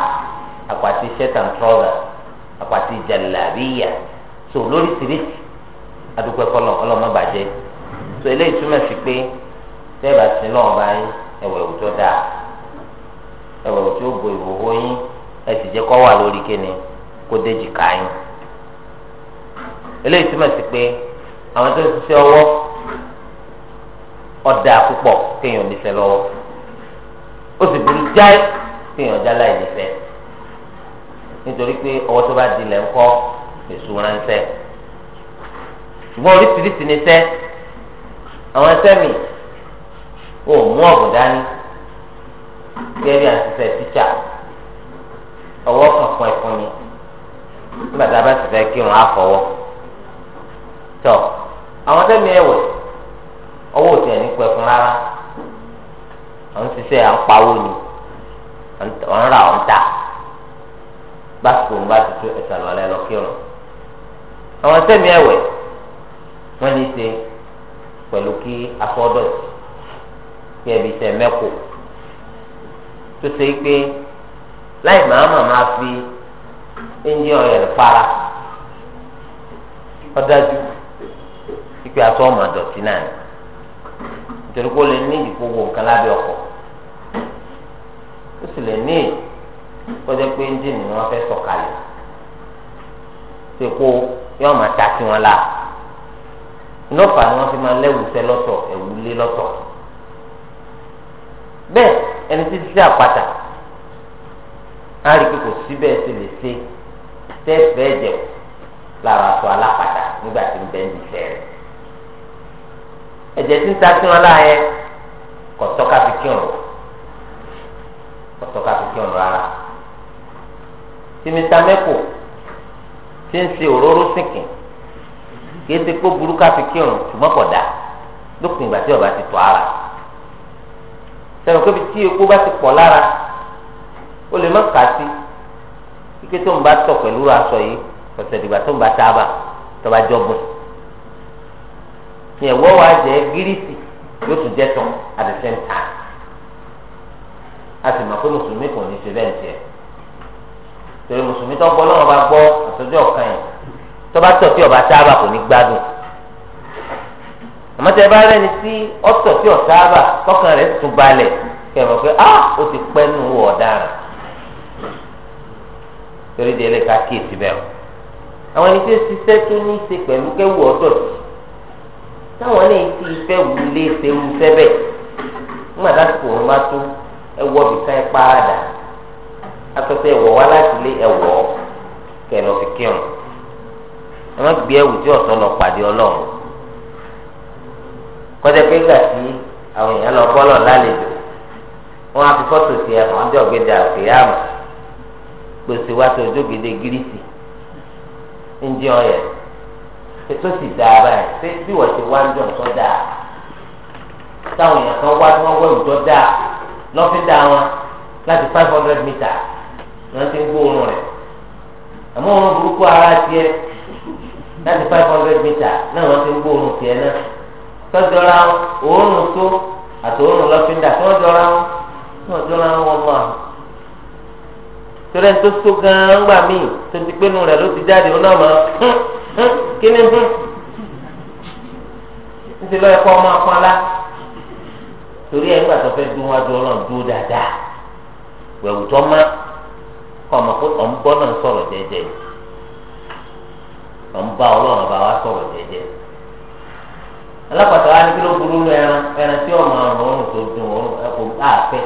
àpàtì ṣẹ́tàn trọ́dà àpàtì jàlábíyà so lóríṣiríṣi adúpẹ́ kọ́lọ̀ ọlọ́mọ bàjẹ́ so eléyìí túmọ̀ sí pé tẹ́ẹ̀bà sí náà bá yín ẹ̀wẹ̀ òjò dáa ẹ̀wẹ̀ òjò bo ìhòòhò yín ẹ̀ sì jẹ́ kọ́ wà lórí kíni kó déjì ká yín eléyìí túmọ̀ sí pé àwọn tó ń ṣiṣẹ́ ọwọ́ ọ̀dà púpọ̀ kéèyàn nífẹ̀ẹ́ lọ́wọ́ ó sì burú jáì kéèyàn já láì nítorí pé ọwọ́ tó bá dilẹ̀ ńkọ́ èso ránṣẹ́ ṣùgbọ́n oríṣiríṣi ni sẹ́ àwọn ẹsẹ́ mi ò mú ọ̀bùn dání gẹ́gẹ́ àṣìṣe tíṣà ọwọ́ kankan ẹ̀fọn ni nígbà tá a bá ti fẹ́ kírun àfọwọ́ tọ́ àwọn ẹsẹ́ mi ẹ̀wẹ̀ ọwọ́ òtí ẹ̀ ní pẹ̀fún rárá àwọn ṣiṣẹ́ à ń pawó ni à ń rà ọ̀ ta báṣepọ̀ ń bá ti tó ẹ̀sà lọ́lẹ́ lọ kírun. àwọn sẹ́mi ẹ̀wẹ̀ wọ́n ní í ṣe pẹ̀lú kí afọ́dọ̀ kí ẹbí tẹ mẹ́kò tó ṣe é pé láì máa mà máa fi ẹnjẹ́ ọ̀yẹ̀ para ọ̀dájú ìpè àtọ́ ọmọ àdọ̀tí náà nítorí pé ó lè ní ìdìbò wo nǹkan lábẹ́ ọkọ̀ ó sì lè ní ìdìbò. kọjá pé ẹ́ńjìnì ni wọ́n fẹ́ sọ̀kalẹ̀ ṣèkó yóò máa ta sí la lọ́fà ni wọ́n fi máa lẹ́wùsẹ́ ẹni títí sí àpáta á rí i pé kò sí bẹ́ẹ̀ lè ṣe tẹ́ẹ̀fẹ́ ẹ̀jẹ̀ lára aṣọ alápàdà nígbà tí ń ń tí mr mẹ́kò ti ń ṣe òróró sìnkìn kì í ti kó burú káfí kírun ṣùgbọ́n kò dáa lópin ìgbà tí ọba ti tọ́ ara sẹ́wọ̀n kébi tí epo bá ti pọ̀ lára ó lè má kà sí ike tó ń bá tọ̀ pẹ̀lú aṣọ yìí ọ̀sẹ̀ ìdìgbà tó ń bá tábà tó bá jọ́gbọ̀n ní ẹ̀wọ́ wa jẹ́ gírísì yóò tún jẹ́ tán at the a sì mọ̀ pé mùsùlùmí kò ní ṣe bẹ́ẹ̀ tiẹ̀ torí mùsùlùmí tó gbọ́ lọ́wọ́ bá gbọ́ àtọ́jú ọ̀kan yẹn tó bá tọ̀ tí ọba sábà kò ní gbádùn àmọ́tẹ́ bá rẹ́ni tí ọ̀tọ̀ tí ọ̀sáàbà tọkàn rẹ̀ tún balẹ̀ kẹ̀mọ̀ pé á ah, o ti pẹ́ nù wọ̀ ọ̀daràn torí di ẹlẹ́ka kíyèsí bẹ́ẹ̀ o àwọn ẹni tí ó ṣiṣẹ́ tó ní í ṣe pẹ̀lú kẹ́wù ọ̀dọ̀ tí táwọn lè ti fẹ́ wulé ṣe wúṣẹ́ bẹ́ẹ̀ nígbà tá a ti kò wọn bá tó ẹwọ́ bìkan ẹ pààdà asọsẹ ẹwọ wa láti lé ẹwọ kẹ lọ fi kírun ẹ má gbé ẹwù tí ọ̀tọ̀ lọ pàdé ọlọ́run kọjá pé gbà tí àwọn èèyàn lọ bọ́lọ̀ lálejò wọn á fi fọ́tò sí ẹ àwọn ọjọ́ gbẹdẹ àfẹ́yàmù gbèsè wá sí ọjọ́ gbẹdẹ gírísì ńjẹ ọyẹ ètò sì dáa báyìí ṣé bí wọ́n ti wá ń jọ ńsọ dáa táwọn èèyàn kan wá tí wọ́n wọ́ ìjọ dáa lọ́fíńdà wọn láti five hundred meters wọ́n ti ń gbóòórùn rẹ̀ àmọ́ òórùn burúkú ara tiẹ̀ láti five hundred meter náà wọ́n ti ń gbóòórùn tiẹ̀ náà tọ́jọ́ra òórùn tó àti òórùn lọ́fíńdà tọ́jọ́ra tọ́jọ́ra wọn mọ́ àwọn torí ẹni tó so gan gbà míì tó ti pé nu rẹ̀ ló ti jáde ọ̀nà ọ̀mọ́ kí ni fún ń ti lọ ẹ̀kọ́ ọmọ akọ́lá torí ẹ̀ ń gbà tó fẹ́ dún wájú ọlọ́run dúró dáadáa wẹ̀wù tó máa kọ́ ọmọ pé ọ̀ ń bọ́ náà sọ̀rọ̀ jẹ́jẹ́ ọ̀ ń bá ọlọ́run bá wa sọ̀rọ̀ jẹ́jẹ́ alápàtà wa ní kí ló burú lu ẹran ẹran tí ọmọ ọrùn ọrùn tó dùn ọrùn ẹkọ àfẹ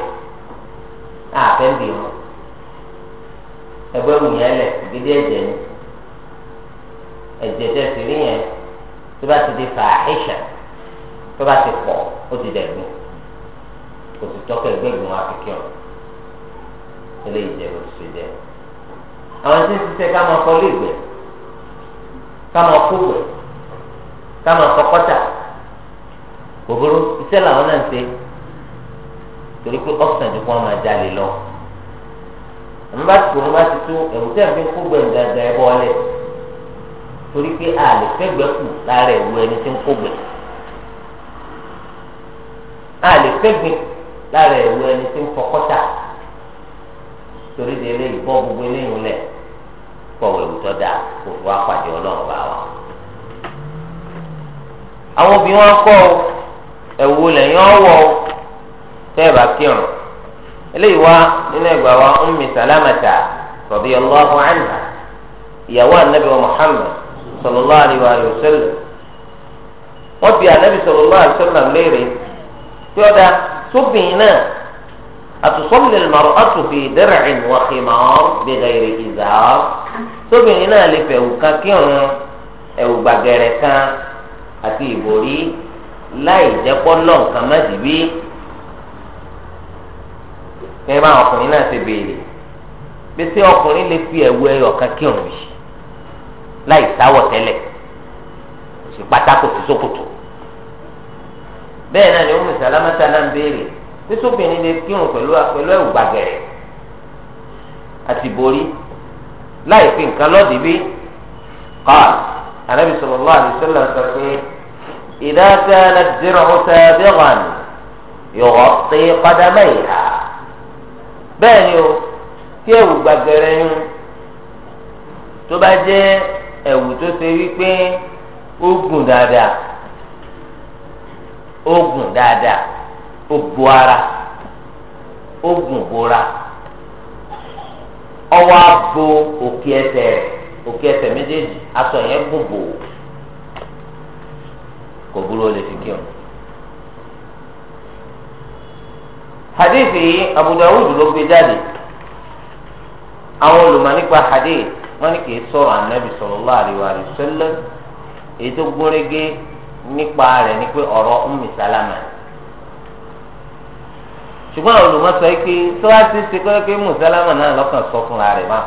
àfẹ bì wọn ẹgbẹ́ wù yẹn gidi ẹ̀jẹ̀ ni ẹ̀jẹ̀ tẹ̀sí rí yẹn tó bá ti di fàáhíṣà tó bá ti pọ̀ ó ti dẹ̀gbìn kò sì tọ́kọ̀ ẹgbẹ́ ìgbìmọ̀ àfikẹ́ ọ̀hún. ilé ìjẹ̀bù ti ṣe jẹ́ àwọn tí ń ṣiṣẹ́ ká máa kọ́ léègbẹ́ kó pẹ̀ ká máa kọ́ kọ́tà òhòrò làwọn náà ń ṣe torí pé ọ́pṣọ̀n ti kọ́ wọn máa jalè lọ bá ti bá ti tó fi kó gàgà torí pé a lè kù lára a lára ẹni torí de eléyìí bọ́ gbogbo eléyìí lẹ̀ kọ̀wé ìwùtọ́ dà òfin wa pàdé ọlọ́run bá wa. àwọn obìnrin wọn kọ́ ẹ̀wù lẹ́yìn ọ̀wọ́ tẹ́ẹ̀bà kírun eléyìí wá nínú ẹgbà wa Ummi Salamata radiyallahu anha ìyàwó anabi wa Muhammad sallallahu alayhi wa wọ́n bi anabi sallallahu alayhi wa léèrè tí ó sóbìn náà àtúnṣọ́lẹ̀ lọ́rọ̀ àtúnfi dẹ́rẹ̀ẹ́n wàhímọ́ bẹ̀rẹ̀ ìzà tóbìnrin náà lè fẹ̀wù kan kírun ẹ̀wù gbàgẹ̀rẹ̀ kan àti ìbòrí láì jẹ́ pọ́lọ́ nǹkan má dìbí kẹ́ẹ́ bá ọkùnrin náà ṣe béèrè bí sí ọkùnrin lè fi ẹ̀wù ẹyọ kan kírun yìí láì sáwọ̀ tẹ́lẹ̀ kò sí pátákó sí sókòtò bẹ́ẹ̀ náà ni ó mú ìsàlámátà náà béèrè sísúbìnrin lè kírun pẹ̀lú pẹ̀lú ẹ̀wù gbàgẹ̀rẹ̀ àti borí láì fi nǹkan lọ́dì bí kọ́ọ̀t ànábì sallallahu alaihi wasallam sọ pé idha kana ad-dir'u sabighan yughatti qadamayha bẹ́ẹ̀ ni o tí ẹ̀wù gbàgẹ̀rẹ̀ yín tó bá jẹ́ ẹ̀wù tó ṣe wípé ó gùn dáadáa ó gùn dáadáa. ó ara ó gùn bora ọwọ́ abo òkè ẹsẹ̀ òkè ẹsẹ̀ méjèèjì aṣọ yẹn kò burú o lè fi kí o. hadithi yìí Abu Dawud ló gbé jáde àwọn olùmọ̀ nípa hadith wọn ní kì í sọ̀rọ̀ anabi nípa ni ṣùgbọ́n àwọn olùmọ̀sọ yìí pé tó wá sí ṣe pé mùsálámà náà lọ́kàn sọ fúnra rẹ̀ máa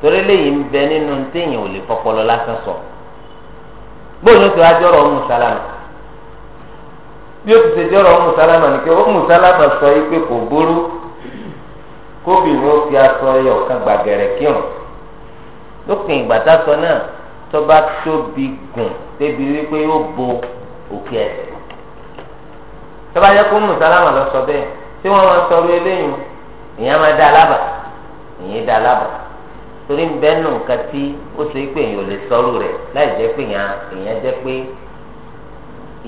torí léyìí ń bẹ nínú téèyàn ò lè fọpọlọ lásán sọ bóyá tó wá jọrọ mùsálámà bí ó ti ṣe jọrọ mùsálámà ni pé ó mùsálámà sọ yìí pé kò burú kóbìnrin ó fi aṣọ ẹyọ kan gbàgẹ̀rẹ̀ kírun lópin ìgbà tásọ náà tó tóbi gùn débi wípé yóò bo òkè ẹsẹ̀ tọ́ba yẹ kó mùsàlámà lọ sọ bẹ́ẹ̀ tí wọ́n máa sọ wíwé lẹ́yìn ìyẹn máa dá alábà ìyẹn dá alábà torí ń bẹ́ẹ̀ nù nǹkan tí ó ṣe pé èèyàn ò lè sọ́rù rẹ̀ láì jẹ́ pé èèyàn jẹ́ pé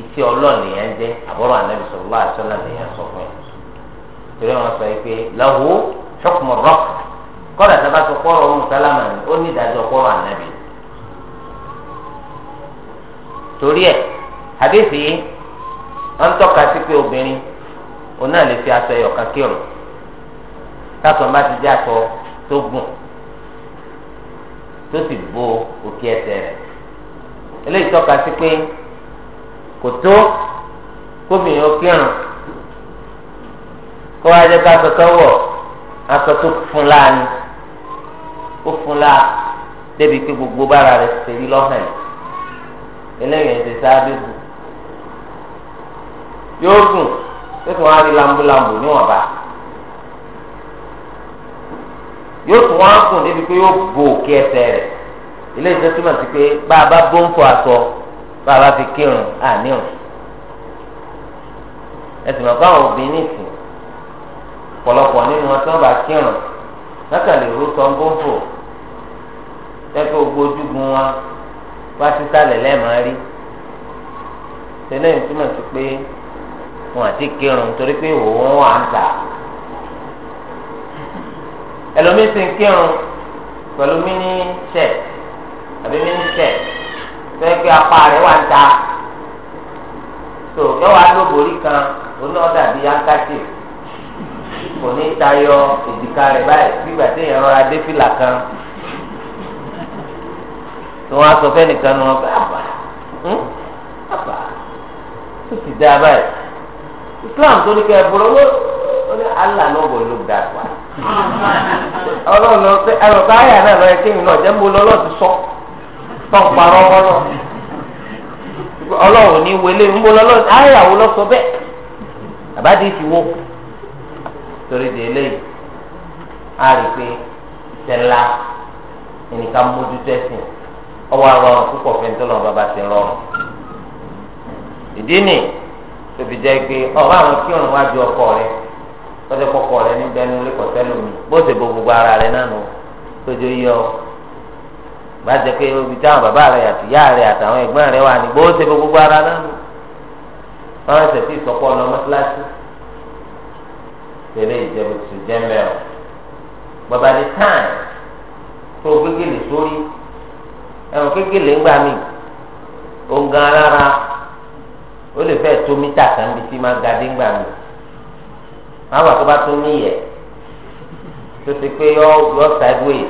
iṣẹ́ ọlọ́ọ̀ni yẹn jẹ́ àbọ̀rọ̀ ànábì sọ̀rọ̀ bá aṣọ náà lèèyàn sọ fún yẹn torí wọn sọ pé lahu hukmu rọ́ọ̀k kọ́dà tọ́ba tó kọ́rọ̀ mùsàlámà ni ó ní ìdájọ́ kọ́rọ̀ ànábì torí ẹ̀ àdéhìí wọ́n tọ́ka sí pé obìnrin òun náà lè fi aṣọ ẹyọ̀kan kírun táwọn bá ti jẹ́ aṣọ tó gùn tó sì bo òkè ẹsẹ̀ rẹ̀ eléyìí tọ́ka sí pé kò tó kóbìnrin ó kírun kó wá jẹ́ tó wọ̀ aṣọ tó fún láàánú ó fún láà débi pé gbogbo bára rẹ̀ ṣe rí lọ́hàn eléyìí ẹ̀ ti sáábì gùn yóò gùn yóò tún wá rí lambulambu níwọ̀nba yóò tún wá gùn débi pé yóò bo òkè ẹsẹ̀ rẹ̀ ilé ìjọ túmọ̀ sí pé bá a bá bó ń fọ aṣọ bá a bá fi kírun àníhùn ẹsìn mọ̀ báwọn obìnrin nìsín pọ̀lọpọ̀ nínú wọn tí wọ́n bá kírun látàlí ìró sọ ń bó ń fò tẹ́kọ̀ gbogbo ojúgun wọn wá sísàlẹ̀ lẹ́ẹ̀mọ́ rí tẹ́lẹ̀ ìtumọ̀ sí pé wọn àti kírun torí pé òun wà ń tà ẹlòmíín sì ń kírun pẹ̀lú míní ṣẹ̀ àbí míní ṣẹ̀ fẹ́ pé apá rẹ̀ wà ń tà tó yọ̀wá ló borí kan oníwàdà bíi yankati kò ní tayọ èjìká rẹ̀ báyìí nígbà tí èèyàn rọra dé fìlà kan tí wọ́n á sọ fẹ́ nìkan nu wọn pé àbá hmm? àbá tó ti dá báyìí. islam tó ní kẹ́ ẹ bọ̀rọ̀ ó ní allah ló bọ̀ ló dà wá. lọ sí ẹ̀rọ káyà náà lọ ti sọ tó ń parọ́ ọlọ́ ní wọlé mbọ́ lọ́lọ́ ayà wo lọ sọ àbádé ti wó torí de eléyìí a rí pé tóbi jẹ́ pé ọ̀rọ̀ àwọn kí òun ọkọ rẹ tọ́jú kọkọ rẹ níbẹ̀ ní orí lómi bó ṣe bo gbogbo ara rẹ náà nù yọ bá jẹ́ pé ibi táwọn bàbá rẹ àti ìyá rẹ àtàwọn ẹ̀gbọ́n rẹ wà ní bó ṣe bo gbogbo ara náà nù wọ́n ṣẹ̀ sí ìsọ̀kọ́ ọ̀nà tẹ̀lé jẹ́ ó lè fẹ́ tó mítà kan bí tí máa ga dé ńgbà mi àwọn àti bá tó níyẹ tó ti pé yọ yọ sideways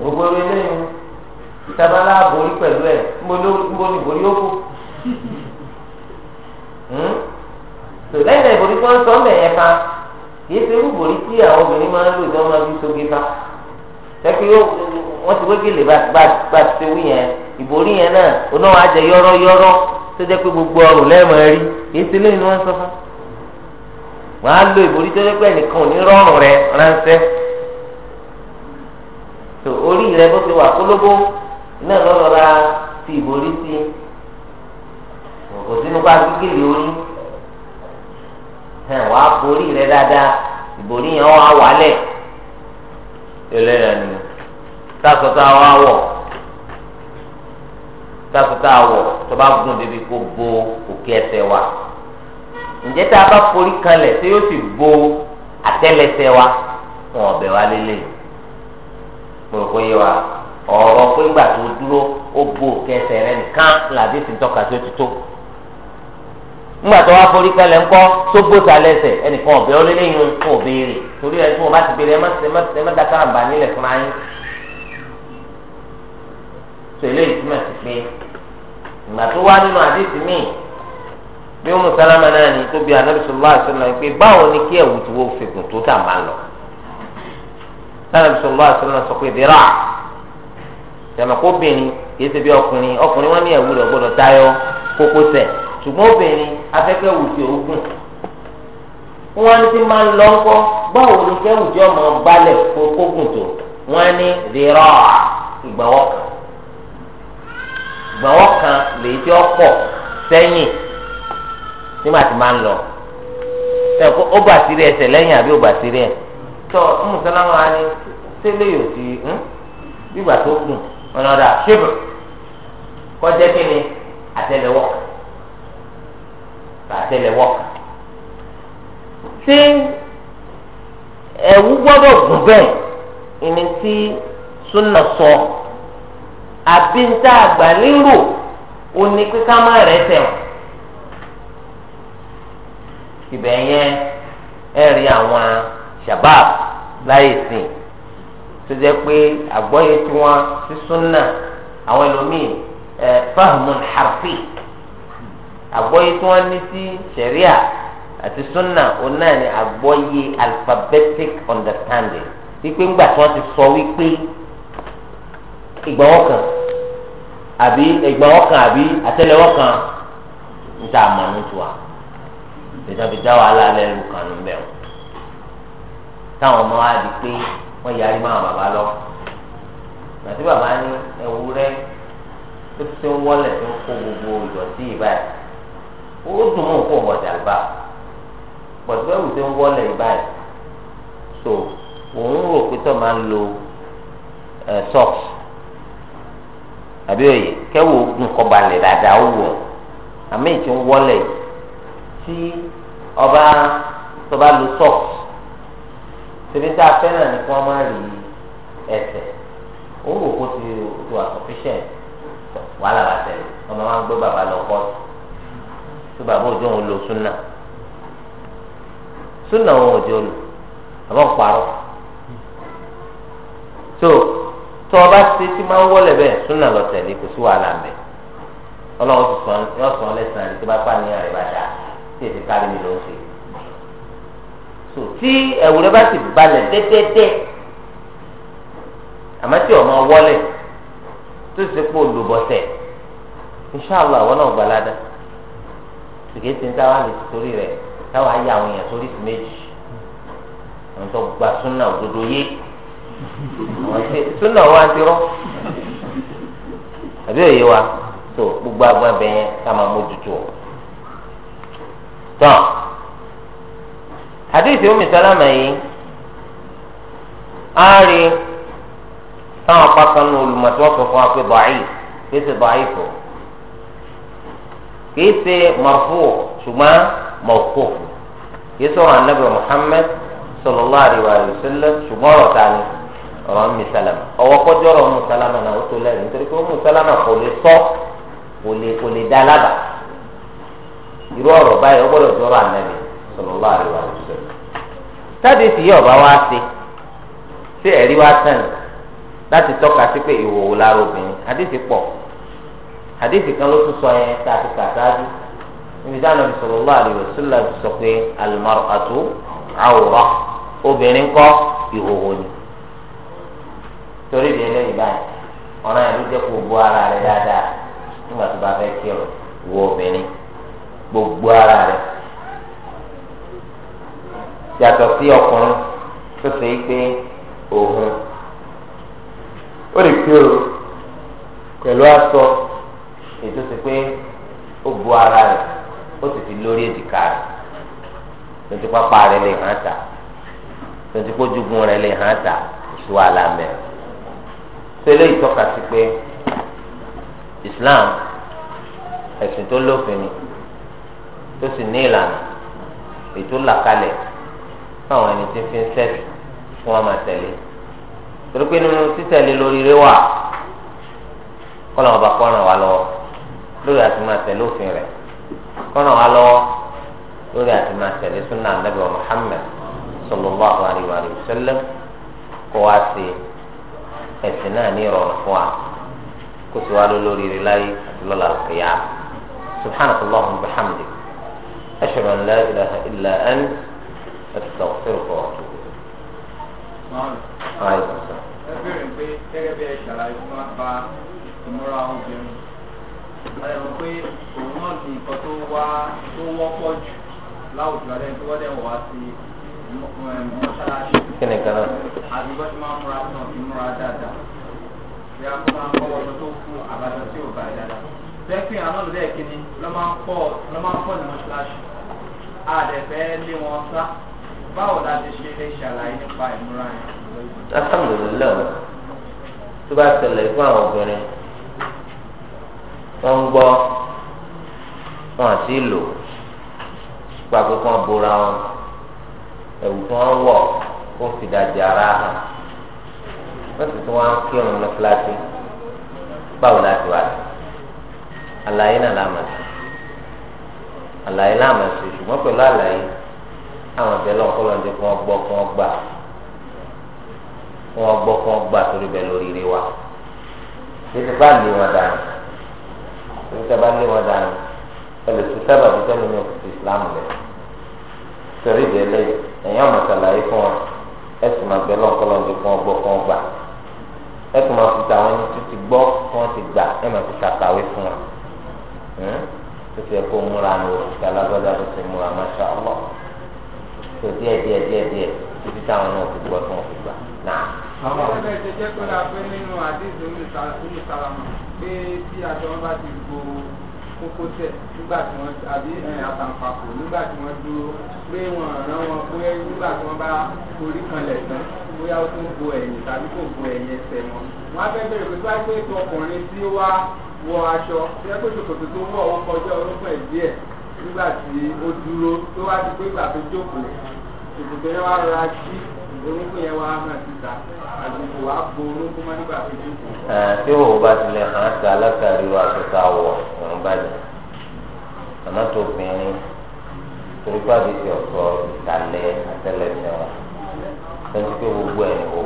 gbogbo eléyìí sábàlá borí pẹ̀lú ẹ̀ ńbó ni borí ó kù tò lẹ́yìn ìbòrí tí wọ́n sọ ọ́ mẹ̀yẹ fa kìí ṣe irú ìbòrí tí àwọn obìnrin máa ń lò tí wọ́n máa fi soge fa ṣé kí wọ́n ti wégele bá ti ṣe wí yẹn ìborí yẹn náà onáwó àjẹ yọ́rọ́yọ́rọ́ tó jẹ́ pé gbogbo ọrùn lẹ́ẹ̀mọ́ rí èsì lẹ́yìn ni wọ́n sọ fún wọn á lo ìborí tó jẹ́ pé ẹnìkan ò ní rọrùn rẹ ránṣẹ́ tó orí rẹ bó ti wà kólóbó náà lọ́rọ̀ ra ti ìborí sí kò sínú bá kíkìlì orí wàá borí rẹ dáadáa ìborí yẹn wà wálẹ̀ ẹlẹ́yà ni sásọ̀tà wà wọ̀ sáfùtà wọ̀ tó bá gùn débi kó bo òkè ẹsẹ̀ wa ǹjẹ́ tá a bá forí kanlẹ̀ tí yóò sì bo àtẹ́lẹsẹ̀ wa wọn ọ̀bẹ wa lélẹ̀ mo rò pé yé wa ọ̀rọ̀ pé ńgbà tó dúró ó bo òkè ẹsẹ̀ rẹ nìkan làbí sì ń tọ́ka tó ti tó ńgbà tó wá forí kanlẹ̀ ńkọ́ tó bó sálẹ̀ ẹsẹ̀ ẹnìkan ọ̀bẹ ọ lélẹ̀ yìí ń kó béèrè torí ẹ̀ tí wọ́n bá ti béèrè ẹ má dákàrà ń bà nílẹ̀ fúnra yín. tẹ̀lé ìtumọ̀ sí pé ìgbà tó wá nínú àdéhùn míì bí wọn sálámà náà ní tóbi anábìsọlá àṣọlá pé báwo ni kí ẹwù lọ anábìsọlá sọ pé dira tẹmẹkọbìnrin kìí ṣe bí ọkùnrin ọkùnrin wọn ní ẹwù tayọ ṣùgbọ́n obìnrin afẹ́fẹ́ wù lọ ńkọ báwo ni kẹwù ọmọ balẹ̀ tó wọn ní gbọ̀wọ́ kan lè jẹ́ ọ̀pọ̀ sẹ́yìn nígbà tí máa ń lọ ẹ̀kọ́ ó bà sírí ẹsẹ̀ lẹ́yìn àbí ó bà sírí ẹ̀ tọ́ mùsùlùmí ni tẹ́lẹ̀ yóò ti gbígbà hm? tó gùn ọ̀nà ọ̀dà ṣébù kọjá kí ni àtẹlẹwọ́ sọ. àbí ń tá àgbà lérò òní pé ká má rẹ̀ tẹ̀ ọ́. ibẹ̀ yẹn ẹ rí àwọn shabab láyé sìn tó jẹ́ pé àgbọ́yé tí wọ́n ti súnà àwọn ẹlòmíì ẹ fahmun harfi àgbọ́yé tí wọ́n ní sí ṣẹ̀ríà àti súnà òun náà ni àgbọ́yé alphabetic understanding wípé ńgbà tí wọ́n ti sọ wípé ìgbọ̀wọ́ kan àbí ìgbọ̀wọ́ kan àbí àtẹ́lẹwọ́ kan níta àmọ́nú tiwa ìjọba ìjà wàhálà lẹ́rù kan ló ń bẹ̀rù táwọn ọmọ wa di pé wọ́n yarí máa bàbá lọ gbàtí bàbá ní ewúrẹ́ tó ti ń wọlé tó ń kó gbogbo ìdọ̀tí ìbáyìí ó dùn mọ́ kó ọ̀dà bá pọ̀tùbẹ́wù tó ń wọlé ìbáyìí so òun rò pé tó máa ń lo eh, socks àbí òye kẹwò ogun kọbalẹ̀ dáadáa ó wù ọ́ àmì ìtì ń wọlé tí ọba tọba lu sọ́ọ̀kì tẹ̀lé tá a fẹ́ náà ni kí wọ́n máa rí ẹsẹ̀ ó wò kó ti tó àtọ̀fíṣẹ̀ wàhálà bá tẹ̀lé ọmọ máa ń gbé bàbá lọ kọ́ tó bàbá òjò òun lo súnà súnà òun òjò lò àbọ̀ ń parọ́ so tó o bá ṣe tí máa ń wọlé bẹ́ẹ̀ súnà lọ tẹ̀lé kò sí wàhálà mẹ́ ọlọ́run ti sọ yọ sọ lẹ́sìn àti tí bá pa ní àrẹ bá dà tí èsì kárí mi ló ń ṣe. so tí ẹ̀wù rẹ bá ti balẹ̀ dẹ́dẹ́dẹ́ àmọ́ tí ọmọ wọlé tó ṣe pé olùbọ̀tẹ̀ inṣàlá àwọn náà gbalada tìkẹ́ ti ń táwa lè ti torí rẹ̀ táwa yà àwọn èèyàn sórí ti méjì àwọn tó gba súnà òdodo yé súnà wa ti rọ àbí òye wa tó gbogbo agbọn bẹ yẹn ká máa mójútó o tán hadith Ummi Salama yìí á rí táwọn apákan nu olùmọ̀tíwọ́sọ fún wa pé bàáyì kìí ṣe bàáyì fò kìí ṣe marfu ṣùgbọ́n mawquf kìí sọ̀rọ̀ anabi Muhammad sallallahu alaihi wa sallam ṣùgbọ́n ọ̀rọ̀ ta ni ọ̀rọ̀ mi sálámà ọwọ́ kọjọ́rọ̀ mu sálámà náà ó tó lẹ́rìí nítorí pé mu sálámà kò lè sọ kò lè kò lè dá lábàá irú ọ̀rọ̀ báyìí ó gbọ́dọ̀ jọrọ̀ ànábì sallallahu alaihi wasallam. sádìsì yìí ọ̀bá wá sí sí ẹ̀rí wá tán láti tọ́ka sí pé ìwòwò lára obìnrin àdìsì pọ̀ àdìsì kan ló tún sọ yẹn tá a ti kà sáájú níbi táwọn ọ̀bì sallallahu alaihi wasallam sọ pé al-mar'atu awra obìnrin kọ́ ìhòhò ni. torí ìdí eléyìí báyìí ọ̀ràn ìlú jẹ́ kó gbó ara rẹ̀ dáadáa nígbà tó bá fẹ́ kírun wo obìnrin gbogbo ara rẹ̀ yàtọ̀ sí ọkùnrin tó ṣe é pé òun ó lè kírun pẹ̀lú aṣọ ètò ṣe pé ó bu ara rẹ̀ ó sì fi lórí èjìká rẹ̀ lójú pápá rẹ̀ lè hàn ta lójú pójúgun lè hàn ta tẹ́lẹ̀ ìtọ́ka sí pé Islam ẹ̀sìn tó lófin ni tó sì ní ìlànà ètò làkàlẹ̀ fáwọn ẹni tí fi ń sẹ́ẹ̀tì fún wọn máa tẹ̀lé torí pé nínú títẹ̀lé lórí rẹ wà kọ́nà ọba kọ́nà wa lọ́wọ́ lórí àti máa tẹ̀lé òfin rẹ̀ kọ́nà wa lọ́wọ́ lórí àti máa tẹ̀lé sunnah Ànábì Muhammad sallallahu alayhi wa sallam kó wa sí i ẹ̀sìn náà ní ìrọ̀rùn fún wa kó sì wá lórí rí láyé àti lọ́la àkàyà subhanaka allahumma wa bihamdik ashhadu an la ilaha illa ant astaghfiruka wa atubu ilayk kí ni kan náà. àti bó ti máa ń múra tán ti múra dáadáa bí a kó máa ń kọ́ wọ́n tó fún àbájọ tí ò bá dáadáa. bẹ́ẹ̀kì àwọn olùdẹ́ kínní ló máa ń pọ̀ ló máa ń pọ̀ ní mọ́ṣáláṣí àdẹ̀fẹ́ lé wọn sá báwo la ti ṣe lè ṣàlàyé nípa ìmúra yẹn. alhamdulilayi tó bá ṣẹlẹ̀ fún àwọn obìnrin wọ́n ń gbọ́ wọn àti ìlò gbàgbé kan bora wọn ẹ̀wù tí wọ́n wọ̀ ó fi dàjà ara hàn wọ́n sì tún wọ́n kírun ní fúláṣí báwo láti wá sí àlàyé náà láàmà sí àlàyé láàmà sí ṣùgbọ́n pẹ̀lú àlàyé àwọn ìbẹ̀lẹ̀ ọ̀kọ́lọ́dé kí wọ́n gbọ́ kí wọ́n gbà kí wọ́n gbọ́ kí wọ́n gbà torí bẹ́ẹ̀ lórí rí wa títí bá lé wọn dànù títí bá lé wọn dànù ẹ lè tún sábà tó tẹ́lẹ̀ mi ò fi Islam lẹ̀ torí ìdẹ́lẹ́yìn ẹ̀yin ọmọ sàlàyé fún wọn ẹ sì máa bẹ lọ́nkọ́lọ́ndé fún ọgbọ́ fún ọgbà ẹ sì máa fi tàwọn ẹni tó ti gbọ́ fún wọn ti gbà ẹ máa fi ṣàkàwé fún wọn tó hmm? ti ẹ kó múra ní òṣìṣẹ́ alágbádá tó ti múra máṣá ọlọ́ tó díẹ̀ díẹ̀ díẹ̀ díẹ̀ títí táwọn náà ti gbọ́ tí wọ́n fi gbà náà. àwọn ọ̀rẹ́ ti jẹ́ pé a fẹ́ nínú àdéhùn omi sàlámù pé tí àjọ kókó tẹ̀ nígbà tí wọ́n àbí àtàǹpàkò nígbà tí wọ́n dúró pé wọ́n rán wọn pé nígbà tí wọ́n bá orí kanlẹ̀ tán bóyá ó tún bo ẹ̀yìn tàbí kò bo ẹ̀yìn ẹsẹ̀ wọn. wọ́n á fẹ́ bẹ̀rẹ̀ pé bá pé ètò ọkùnrin tí wá wọ aṣọ tí wọ́n kó ṣòkòtò tó wọ̀ wọ́n kọjá orúkọ ẹ̀ díẹ̀ nígbà tí ó dúró tó wá ti pé ìgbà tó jókòó ṣòkòtò yẹn wá rọra ṣí orúkọ yẹn wàá hàn síta àgbègbè wàá bo orúkọ má nígbà tó dé kù. tí òwò bá tilẹ̀ hàn sí alákàrí wa kíkà wọ̀ ọ̀run bàjẹ́ àmọ́ tó bìnrin torí pé àdìsí ọ̀sọ́ ìsàlẹ̀ àtẹlẹsẹ̀ wọn lọ́sí pé gbogbo ẹ̀ wò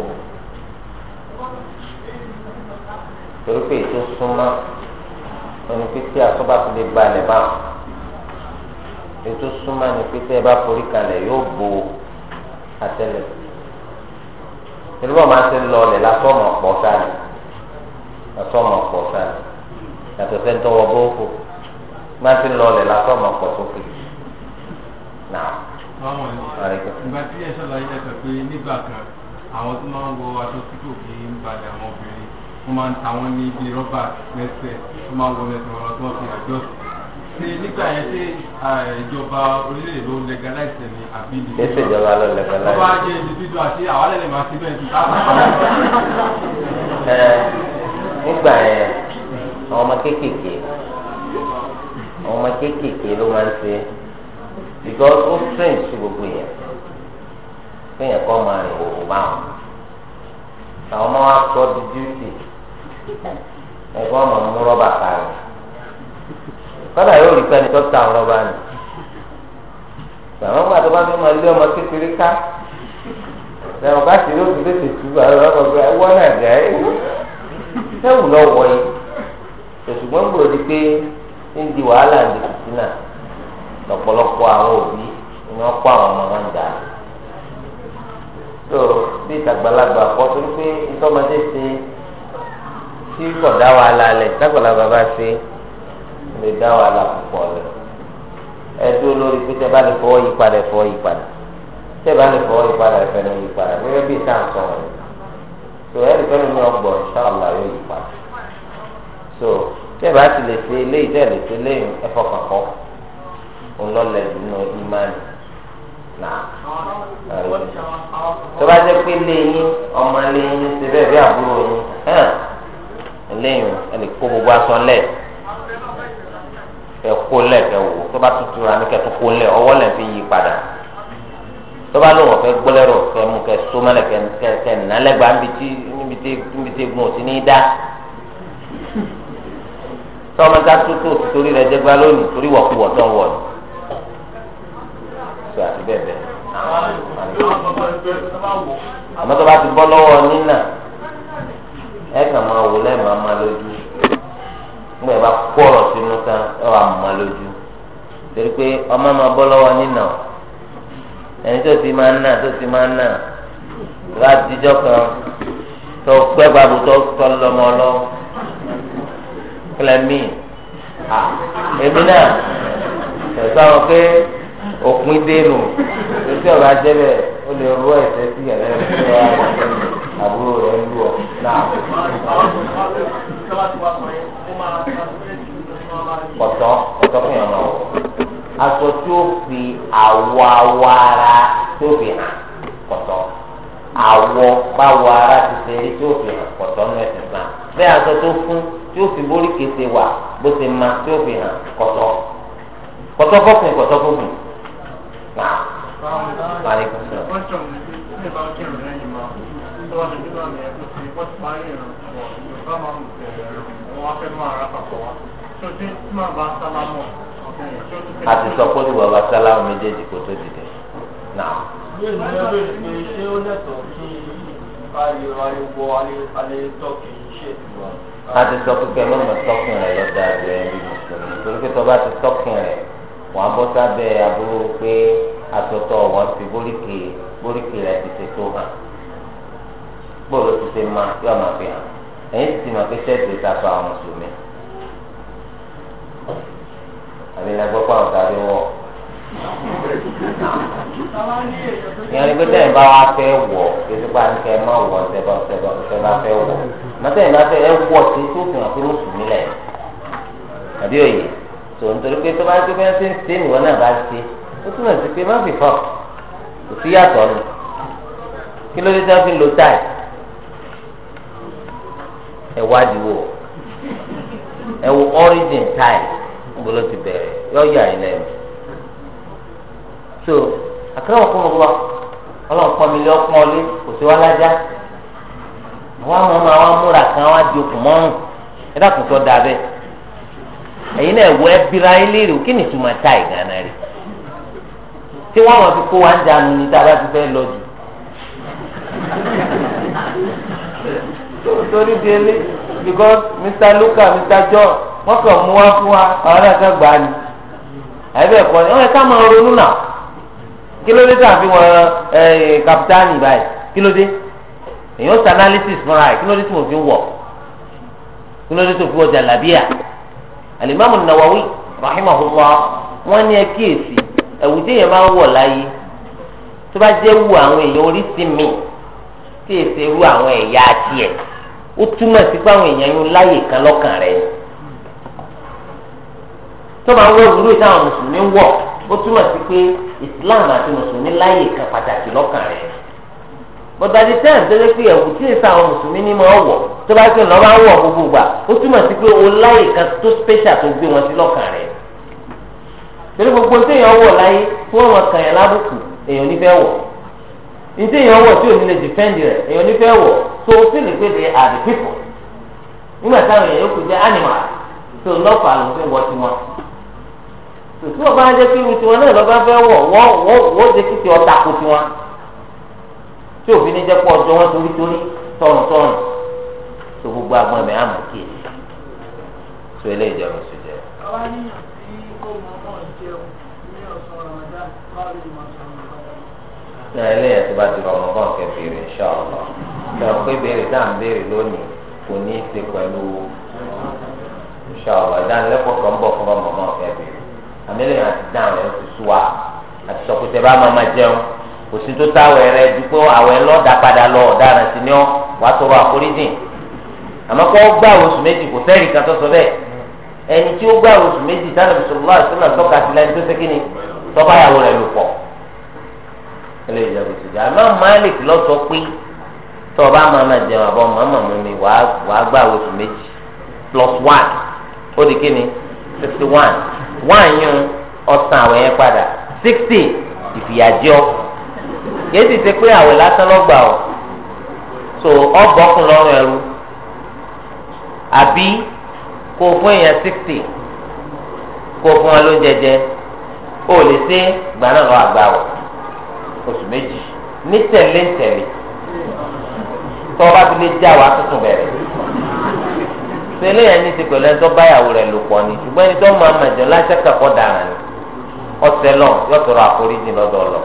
torí pé ètò súnmọ́ ẹni pé tí asọ́ba ti lè balẹ̀ báwọn ètò súnmọ́ ẹni pé tẹ́ ẹ bá forí kalẹ̀ yóò bo àtẹlẹsẹ̀ inú bọ̀ máa ń ṣe lọ ọ̀lẹ̀ lásọ̀mọ̀ pọ̀ sáré lásọ̀mọ̀ pọ̀ sáré yàtọ̀ sẹ́ni tó wọ bófò máa ń ṣe lọ ọ̀lẹ̀ lásọ̀mọ̀ pọ̀ sókè náà. ìgbà tí ẹ ṣàlàyé ẹsẹ̀ pé nígbà kan àwọn tó máa ń wọ aṣọ tí kò fi ń balẹ̀ àwọn obìnrin wọ́n máa ń ta wọ́n ní bíi rọ́bà mẹ́sẹ̀ tó máa ń wọ mẹ́sẹ̀ wọn lọ́tọ́ pé nígbà yẹn ṣé ìjọba orílẹ̀-èdè ló ń legalize ní àbí ibi. ṣé ìjọba ló legalize. wọ́n bá jẹ́ individual àti àwọn alẹ́ lè máa ṣe bẹ́ẹ̀ bí. ẹ nígbà yẹn àwọn ọmọ kéékèèké àwọn ọmọ kéékèèké ló máa ń ṣe because ó strange sí gbogbo yẹn kéèyàn kọ́ máa rìn òwò báwọn àwọn ọmọ wa kọ́ di duty ẹ̀kọ́ ọmọ mú rọ́bà kárìn kọ́dà yóò rí pẹ́ni tó ta àwọn ọba ni àwọn gbàdúrà fi máa lé ọmọ kékeré ká lẹ́yìn ọba sì ló ti tètè tú àwọn ọmọ gbé ẹwọ́ náà jẹ́ sẹ́wù lọ wọ̀ yìí ṣùgbọ́n gbòòrò di pé ń di wàhálà ń di kùtìnà lọ́pọ̀lọpọ̀ àwọn òbí ni wọ́n kó àwọn ọmọ wọn dà tó bí ìtàgbàlagbà kọ́ torí pé ìtọ́mọdé ṣe tí kọ̀dá wàhálà lẹ̀ ìtàgbàlagbà bá ṣe lè dá wàhálà púpọ̀ rẹ̀ ẹ dúró lórí pé tẹ́ bá lè fọwọ́ yí padà ẹ fọwọ́ yí padà tẹ́ bá lè fọwọ́ yí padà ẹ fẹ́ lè yí padà gẹ́gẹ́ bí ìtàn sọ̀rọ̀ rẹ̀ so ẹ̀rí fẹ́ lómi ọgbọ̀n ṣáàlà yóò yí padà so tẹ́ bá ti lè ṣe eléyìí tẹ́ lè ṣe eléyìí ẹ fọkàn kọ́ ọlọ́lẹ̀ nínú ìmánì náà tó bá jẹ́ pé léyìn ọmọ léyìn ṣe bẹ́ẹ̀ bí àbúrò yín léyìn ẹ kó gbogbo aṣọ lẹ́ẹ̀ ẹ̀kọ́ lẹ̀ kẹ́ wò tó bá tutù ra ní kẹ́tù kó lẹ̀ ọwọ́ lẹ̀ fi yí padà tó bá lóun ọ̀fẹ́ gbọ́lẹ́rọ̀ kẹ́ mú kẹ́ sómẹ́lẹ̀ kẹ́ kẹ́ nálẹ́gbà níbi tí gun òsì ní dá tọ́mọ ká tutù òsì torí rẹ̀ jẹ́ gbá lónìí torí wọ̀kúwọ̀ tó ń wọ̀ ni. sọ àti bẹ́ẹ̀ bẹ́ẹ̀. àmọ́ tó bá ti bọ́ lọ́wọ́ nínà ẹ̀ kàn máa wò lẹ́ẹ̀ máa máa lójú nígbà bá kó ọ̀rọ̀ sínú tán ẹ wà mọ́ lójú torí pé ọmọ máa bọ́ lọ́wọ́ nínà ẹni tó ti máa ń nà tó ti máa ń nà látijọ́ kan tó gbẹ́ babu tó tọ́ lọ́mọ lọ kílẹ̀mì à èmi náà ẹ̀sọ́ àwọn pé òpin dénú èsì ọ̀rọ̀ ajẹ́bẹ̀ ó lè rú ẹ̀sẹ̀ sí ẹ̀rẹ́ rẹ̀ àbúrò rẹ̀ ń lù ọ́ náà kọ̀tọ́ kọ̀tọ́ fún yàrá wọ̀ aṣọ tí ó fi àwọ̀ awọ ara tí ó fi hàn kọ̀tọ́ àwọ̀ báwo ara ti ṣe rí tí ó fi hàn kọ̀tọ́ nínú ẹ̀sìn náà bẹ́ẹ̀ aṣọ tó fún tí ó fi borí kété wà bó ṣe ma tí fi hàn kọ̀tọ́ kọ̀tọ́ fọ́fìn kọ̀tọ́ fọ́fìn náà a ti sọ pé ní bàbá sálámù méjèèjì kò tó dìde náà. ṣé ó lẹ́tọ̀ọ́ kí ariwo alẹ́ tọ́kì ṣe ìwà. a ti sọ pé pẹ̀lú ọmọ tọ́kìn rẹ̀ lọ́dà rẹ̀ ní mùsùlùmí torí pé tọ́ba ti tọ́kìn rẹ̀ wọ́n á bọ́ sábẹ́ àbúrò pé asọ̀tọ̀ wọ́n fi bóríkì bóríkì rẹ̀ ti ṣètò hàn bóòlù ti ṣe máa yóò máa fi hàn ẹ̀yìn ti ti máa fi ṣẹ́ẹ̀tì ìtàkùn àwọn mùsùlùmí. àbí ìlàgbọ́ pa ọ̀tá rí wọ̀. ìyẹn ni pé tẹ̀yìn bá wá fẹ́ wọ̀ ètò ìgbà ní kẹ́ ẹ má wọ̀ ṣẹba ṣẹba ṣẹba fẹ́ wọ̀ mọ́tẹ́yìn bá fẹ́ ẹ wọ̀ sí tó fi hàn pé mùsùlùmí lẹ̀ àbí òye tó nítorí pé tó bá ti fẹ́ ṣe ń ṣe ìwọ náà bá ṣe kí ló dé tí wọ́n fi lo táì ewu wádìí origin time níbo ti bẹrẹ yọ yà ẹ lẹ́nu so àkàràwọ̀ fún mi wá mi lé ọkùn ọlé kò sí wá lájá àwọn àwọn ọmọ àwọn amúra kan wá di okùn mọ́rùn ẹ dákun tó da náà ẹbíra kí ni ta ìgànnà tí ti kó ń ní torí di ẹlẹ́ because Mr. Luka Mr. John wọ́n kàn mú wá fún wa àwọn náà kàn gbà á ni ẹ̀bẹ̀ ẹ̀kọ́ ni wọ́n yẹ ká máa ronú kapitaani báyìí tó fi tó fi jalabiya alimami Nawawi ní ẹ kíyèsí ẹ̀wù máa ń láyé tó bá wù àwọn èèyàn orí ó túmọ̀ sí pé àwọn èèyàn yóò láyè kan lọ́kàn rẹ̀ ni tó máa ń wọ ìwúrò mùsùlùmí ń wọ̀ ó túmọ̀ sí pé Islam àti mùsùlùmí láyè kan pàtàkì lọ́kàn rẹ̀ bọ̀dà di tẹ́ẹ̀n tó lé pé ẹ̀wù tí èsì àwọn mùsùlùmí ní máa wọ̀ tó bá o láyè kan tó special tó gbé wọn sí lọ́kàn rẹ̀ torí gbogbo wọ̀ láyé kàn ntí èèyàn wọ̀ tí òní lè dìfẹ́ǹdì rẹ̀ èèyàn ní fẹ́ wọ̀ tó o sì lè pé de are the people nígbà táwọn èèyàn yókù jẹ́ animal So lọ́fà ló fẹ́ wọ tiwọn tòtí wọn bá jẹ́ kí irú tiwọn náà lọ́ba fẹ́ wọ̀ wọ́ wọ́ wọ́ jẹ́ kí ti ọ̀tà kó tiwọn tí òfin ní jẹ́ pọ̀ ọjọ́ wọn torítorí tọrùn tọrùn tó gbogbo agbọn ẹ̀mí àmọ̀ kí èyí tó eléyìí jẹ́ oṣù jẹ́. àwọn ènìyàn ni náà eléyà tó bá ti rọrùn bọ́ọ̀ kẹfì rẹ̀ ṣọ́ọ̀lọ́ lọ pé béèrè dáà ń béèrè lónìí kò ní í ṣe pẹ̀lú ṣọ́ọ̀lọ́ ìdánilẹ́kọ̀ọ́ kan bọ̀ fún ọmọ náà kẹfì àmì eléyà ti dáhùn ẹ̀ ti sú wa àti sọ pé tẹ bá máa jẹun kò sí tó táwẹ̀ rẹ dúpọ́ àwẹ̀ lọ́ọ̀dà padà lọ ọ̀daràn sí ni ọ́ wàá tọrọ àforíjìn àmọ́ kọ́ gbà oṣù méjì kò sẹ́rì kan tó ẹlẹ́yìí ìjọba ti àmọ́ Malik lọ́sọ pé tó o bá máa jẹun àbọ̀ màmá mi mi wàá wàá gbà oṣù méjì plus one ó di kíni sixty one one yún ọ̀sán àwẹ̀ yẹn padà sixty ìfìyàjọ́ yéé ti ṣe pé àwẹ̀ lásán lọ́gbà ọ̀ so ọ̀bọ̀kùn lọ́rùn ẹrú àbí kó o fún èèyàn sixty kó o fún wọn lóúnjẹ jẹ o lè ṣe gbà lọ àgbà ọ̀ oṣù méjì ní tẹ̀lé ń tẹ̀lé tó bá ti lè já wa tuntun bẹ̀rẹ̀ tẹ́lẹ̀ yẹn ní ti pẹ̀lú ẹni tó báyàwó rẹ̀ lò pọ̀ ni ṣùgbọ́n ẹni tó mọ àmàjọ láṣẹ kẹ̀kọ́ dàrán ni ọ̀sẹ̀ lọ yóò tọrọ àforíjì lọ́dọ̀ lọ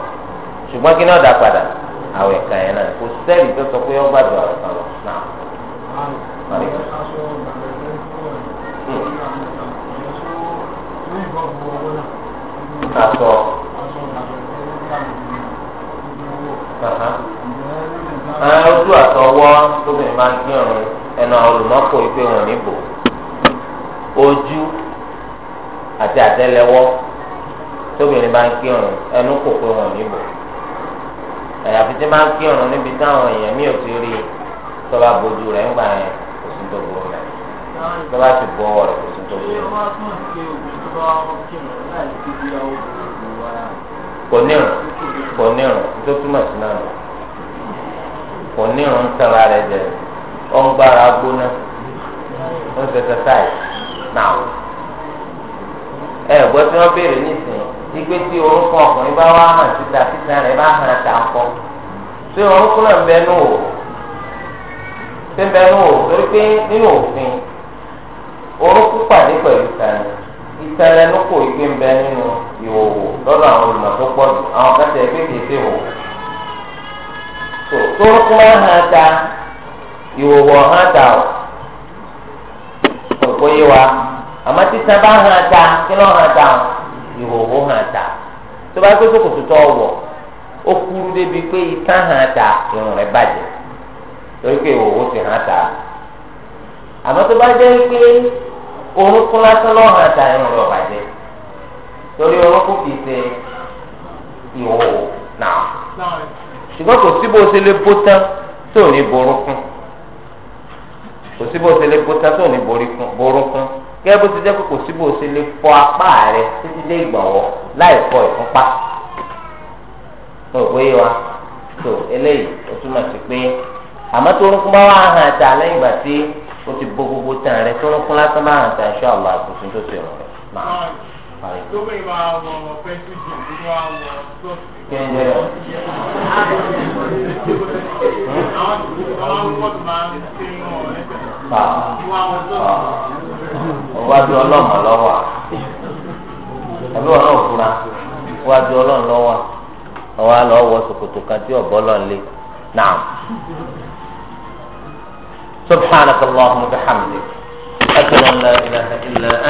ṣùgbọ́n kí ni ọ̀dà padà àwọn ẹ̀ka yẹn náà kò sẹ́ẹ̀lì tó sọ pé ó gbàdúrà rẹ̀ kan lọ aṣọ ojú àtọwọ́ tóbi máa ń gbẹ̀rún ẹnu àwọn olùmọ́kò yìí pé wọ́n ní bò ojú àti àtẹ́lẹwọ́ tóbìnrin bá ń kírun ẹnu kò pé wọn níbò àyàfi tí máa ń kírun níbi táwọn èèyàn mi ò ti rí tọ́ba bójú rẹ̀ ń gbà yẹn kò sí tó burú rẹ̀ tọ́ba ti bọ́ ọ̀rọ̀ kò sí tó burú rẹ̀ kò nírun kò nírun tó túmọ̀ sí náà kò nírun ń tẹ̀ra rẹ̀ jẹ ọ̀ ń gbára gbóná ó ń ṣẹṣẹ táì náà ẹ gbọ́ tí wọ́n béèrè nísìnyí igbe tí orúkọ ọkùnrin bá wá hàn síta síta rẹ̀ bá hàn ta kọ́ ṣé orúkọ náà ń bẹ nù o ṣé ń bẹ nù o torí pé nínú òfin orúkọ pàdé pẹ̀lú ìtàn ìtàn ẹnu kò igbe ń bẹ nínú o ìhòòhò lọ́dọ̀ àwọn olùmọ̀ tó pọ̀ jù àwọn kẹsẹ̀ kéèké sí ìhòòhò. tó tórókù wọn hàn ta ìhòòhò hàn ta ọ̀ òkú yé wa àmọ́ títan bá hàn ta kí ló hàn ta ìhòòhò hàn ta tó bá gbé sókòtò tó wọ̀ ó kúrú débi pé ìtàn hàn ta irun rẹ̀ bàjẹ́ torí pé ìhòòhò ti hàn ta àmọ́ tó bá jẹ́ pé orúkún lásán lọ́hàn ta irun rẹ̀ bàjẹ́ torí ọwọ́ kò kì í ṣe ìhòòhò náà ṣùgbọ́n kò sí bó ṣe lè bó tán tó ní borúkún kò sí bó ṣe lè bó tán tó ní borúkún gẹ́gẹ́ bó ti jẹ́ pé kò sí bó ṣe lè fọ apá rẹ títí dé ìgbọ̀nwọ́ láì fọ ìfúnpá mo rò pé wa tó eléyìí ó túmọ̀ sí pé àmọ́ tó rúkún bá wà hàn ta lẹ́yìn ìgbà tí o ti bo gbogbo tán rẹ tó rúkún lásán bá hàn ta ṣọ́ àwọn tó ti rọ̀ rẹ̀ máa parí. tó bẹ́ẹ̀ máa wọ ọ̀pẹ́ tó jù kí wọ́n á wọ tó. kí ni jẹ́rọ. àwọn kọ́ọ̀tù máa ń ṣe ń wọ̀ lẹ́sẹ̀. ọ̀wájú ọlọ́mọ lọ́wọ́ àbí wọn náà fura wájú ọlọ́run lọ́wọ́ ọwọ́ àlọ́ wọ ṣòkòtò kan tí ọ̀bọ lọ́n lé náà. سبحانك اللهم وبحمدك أشهد أن لا إله إلا أنت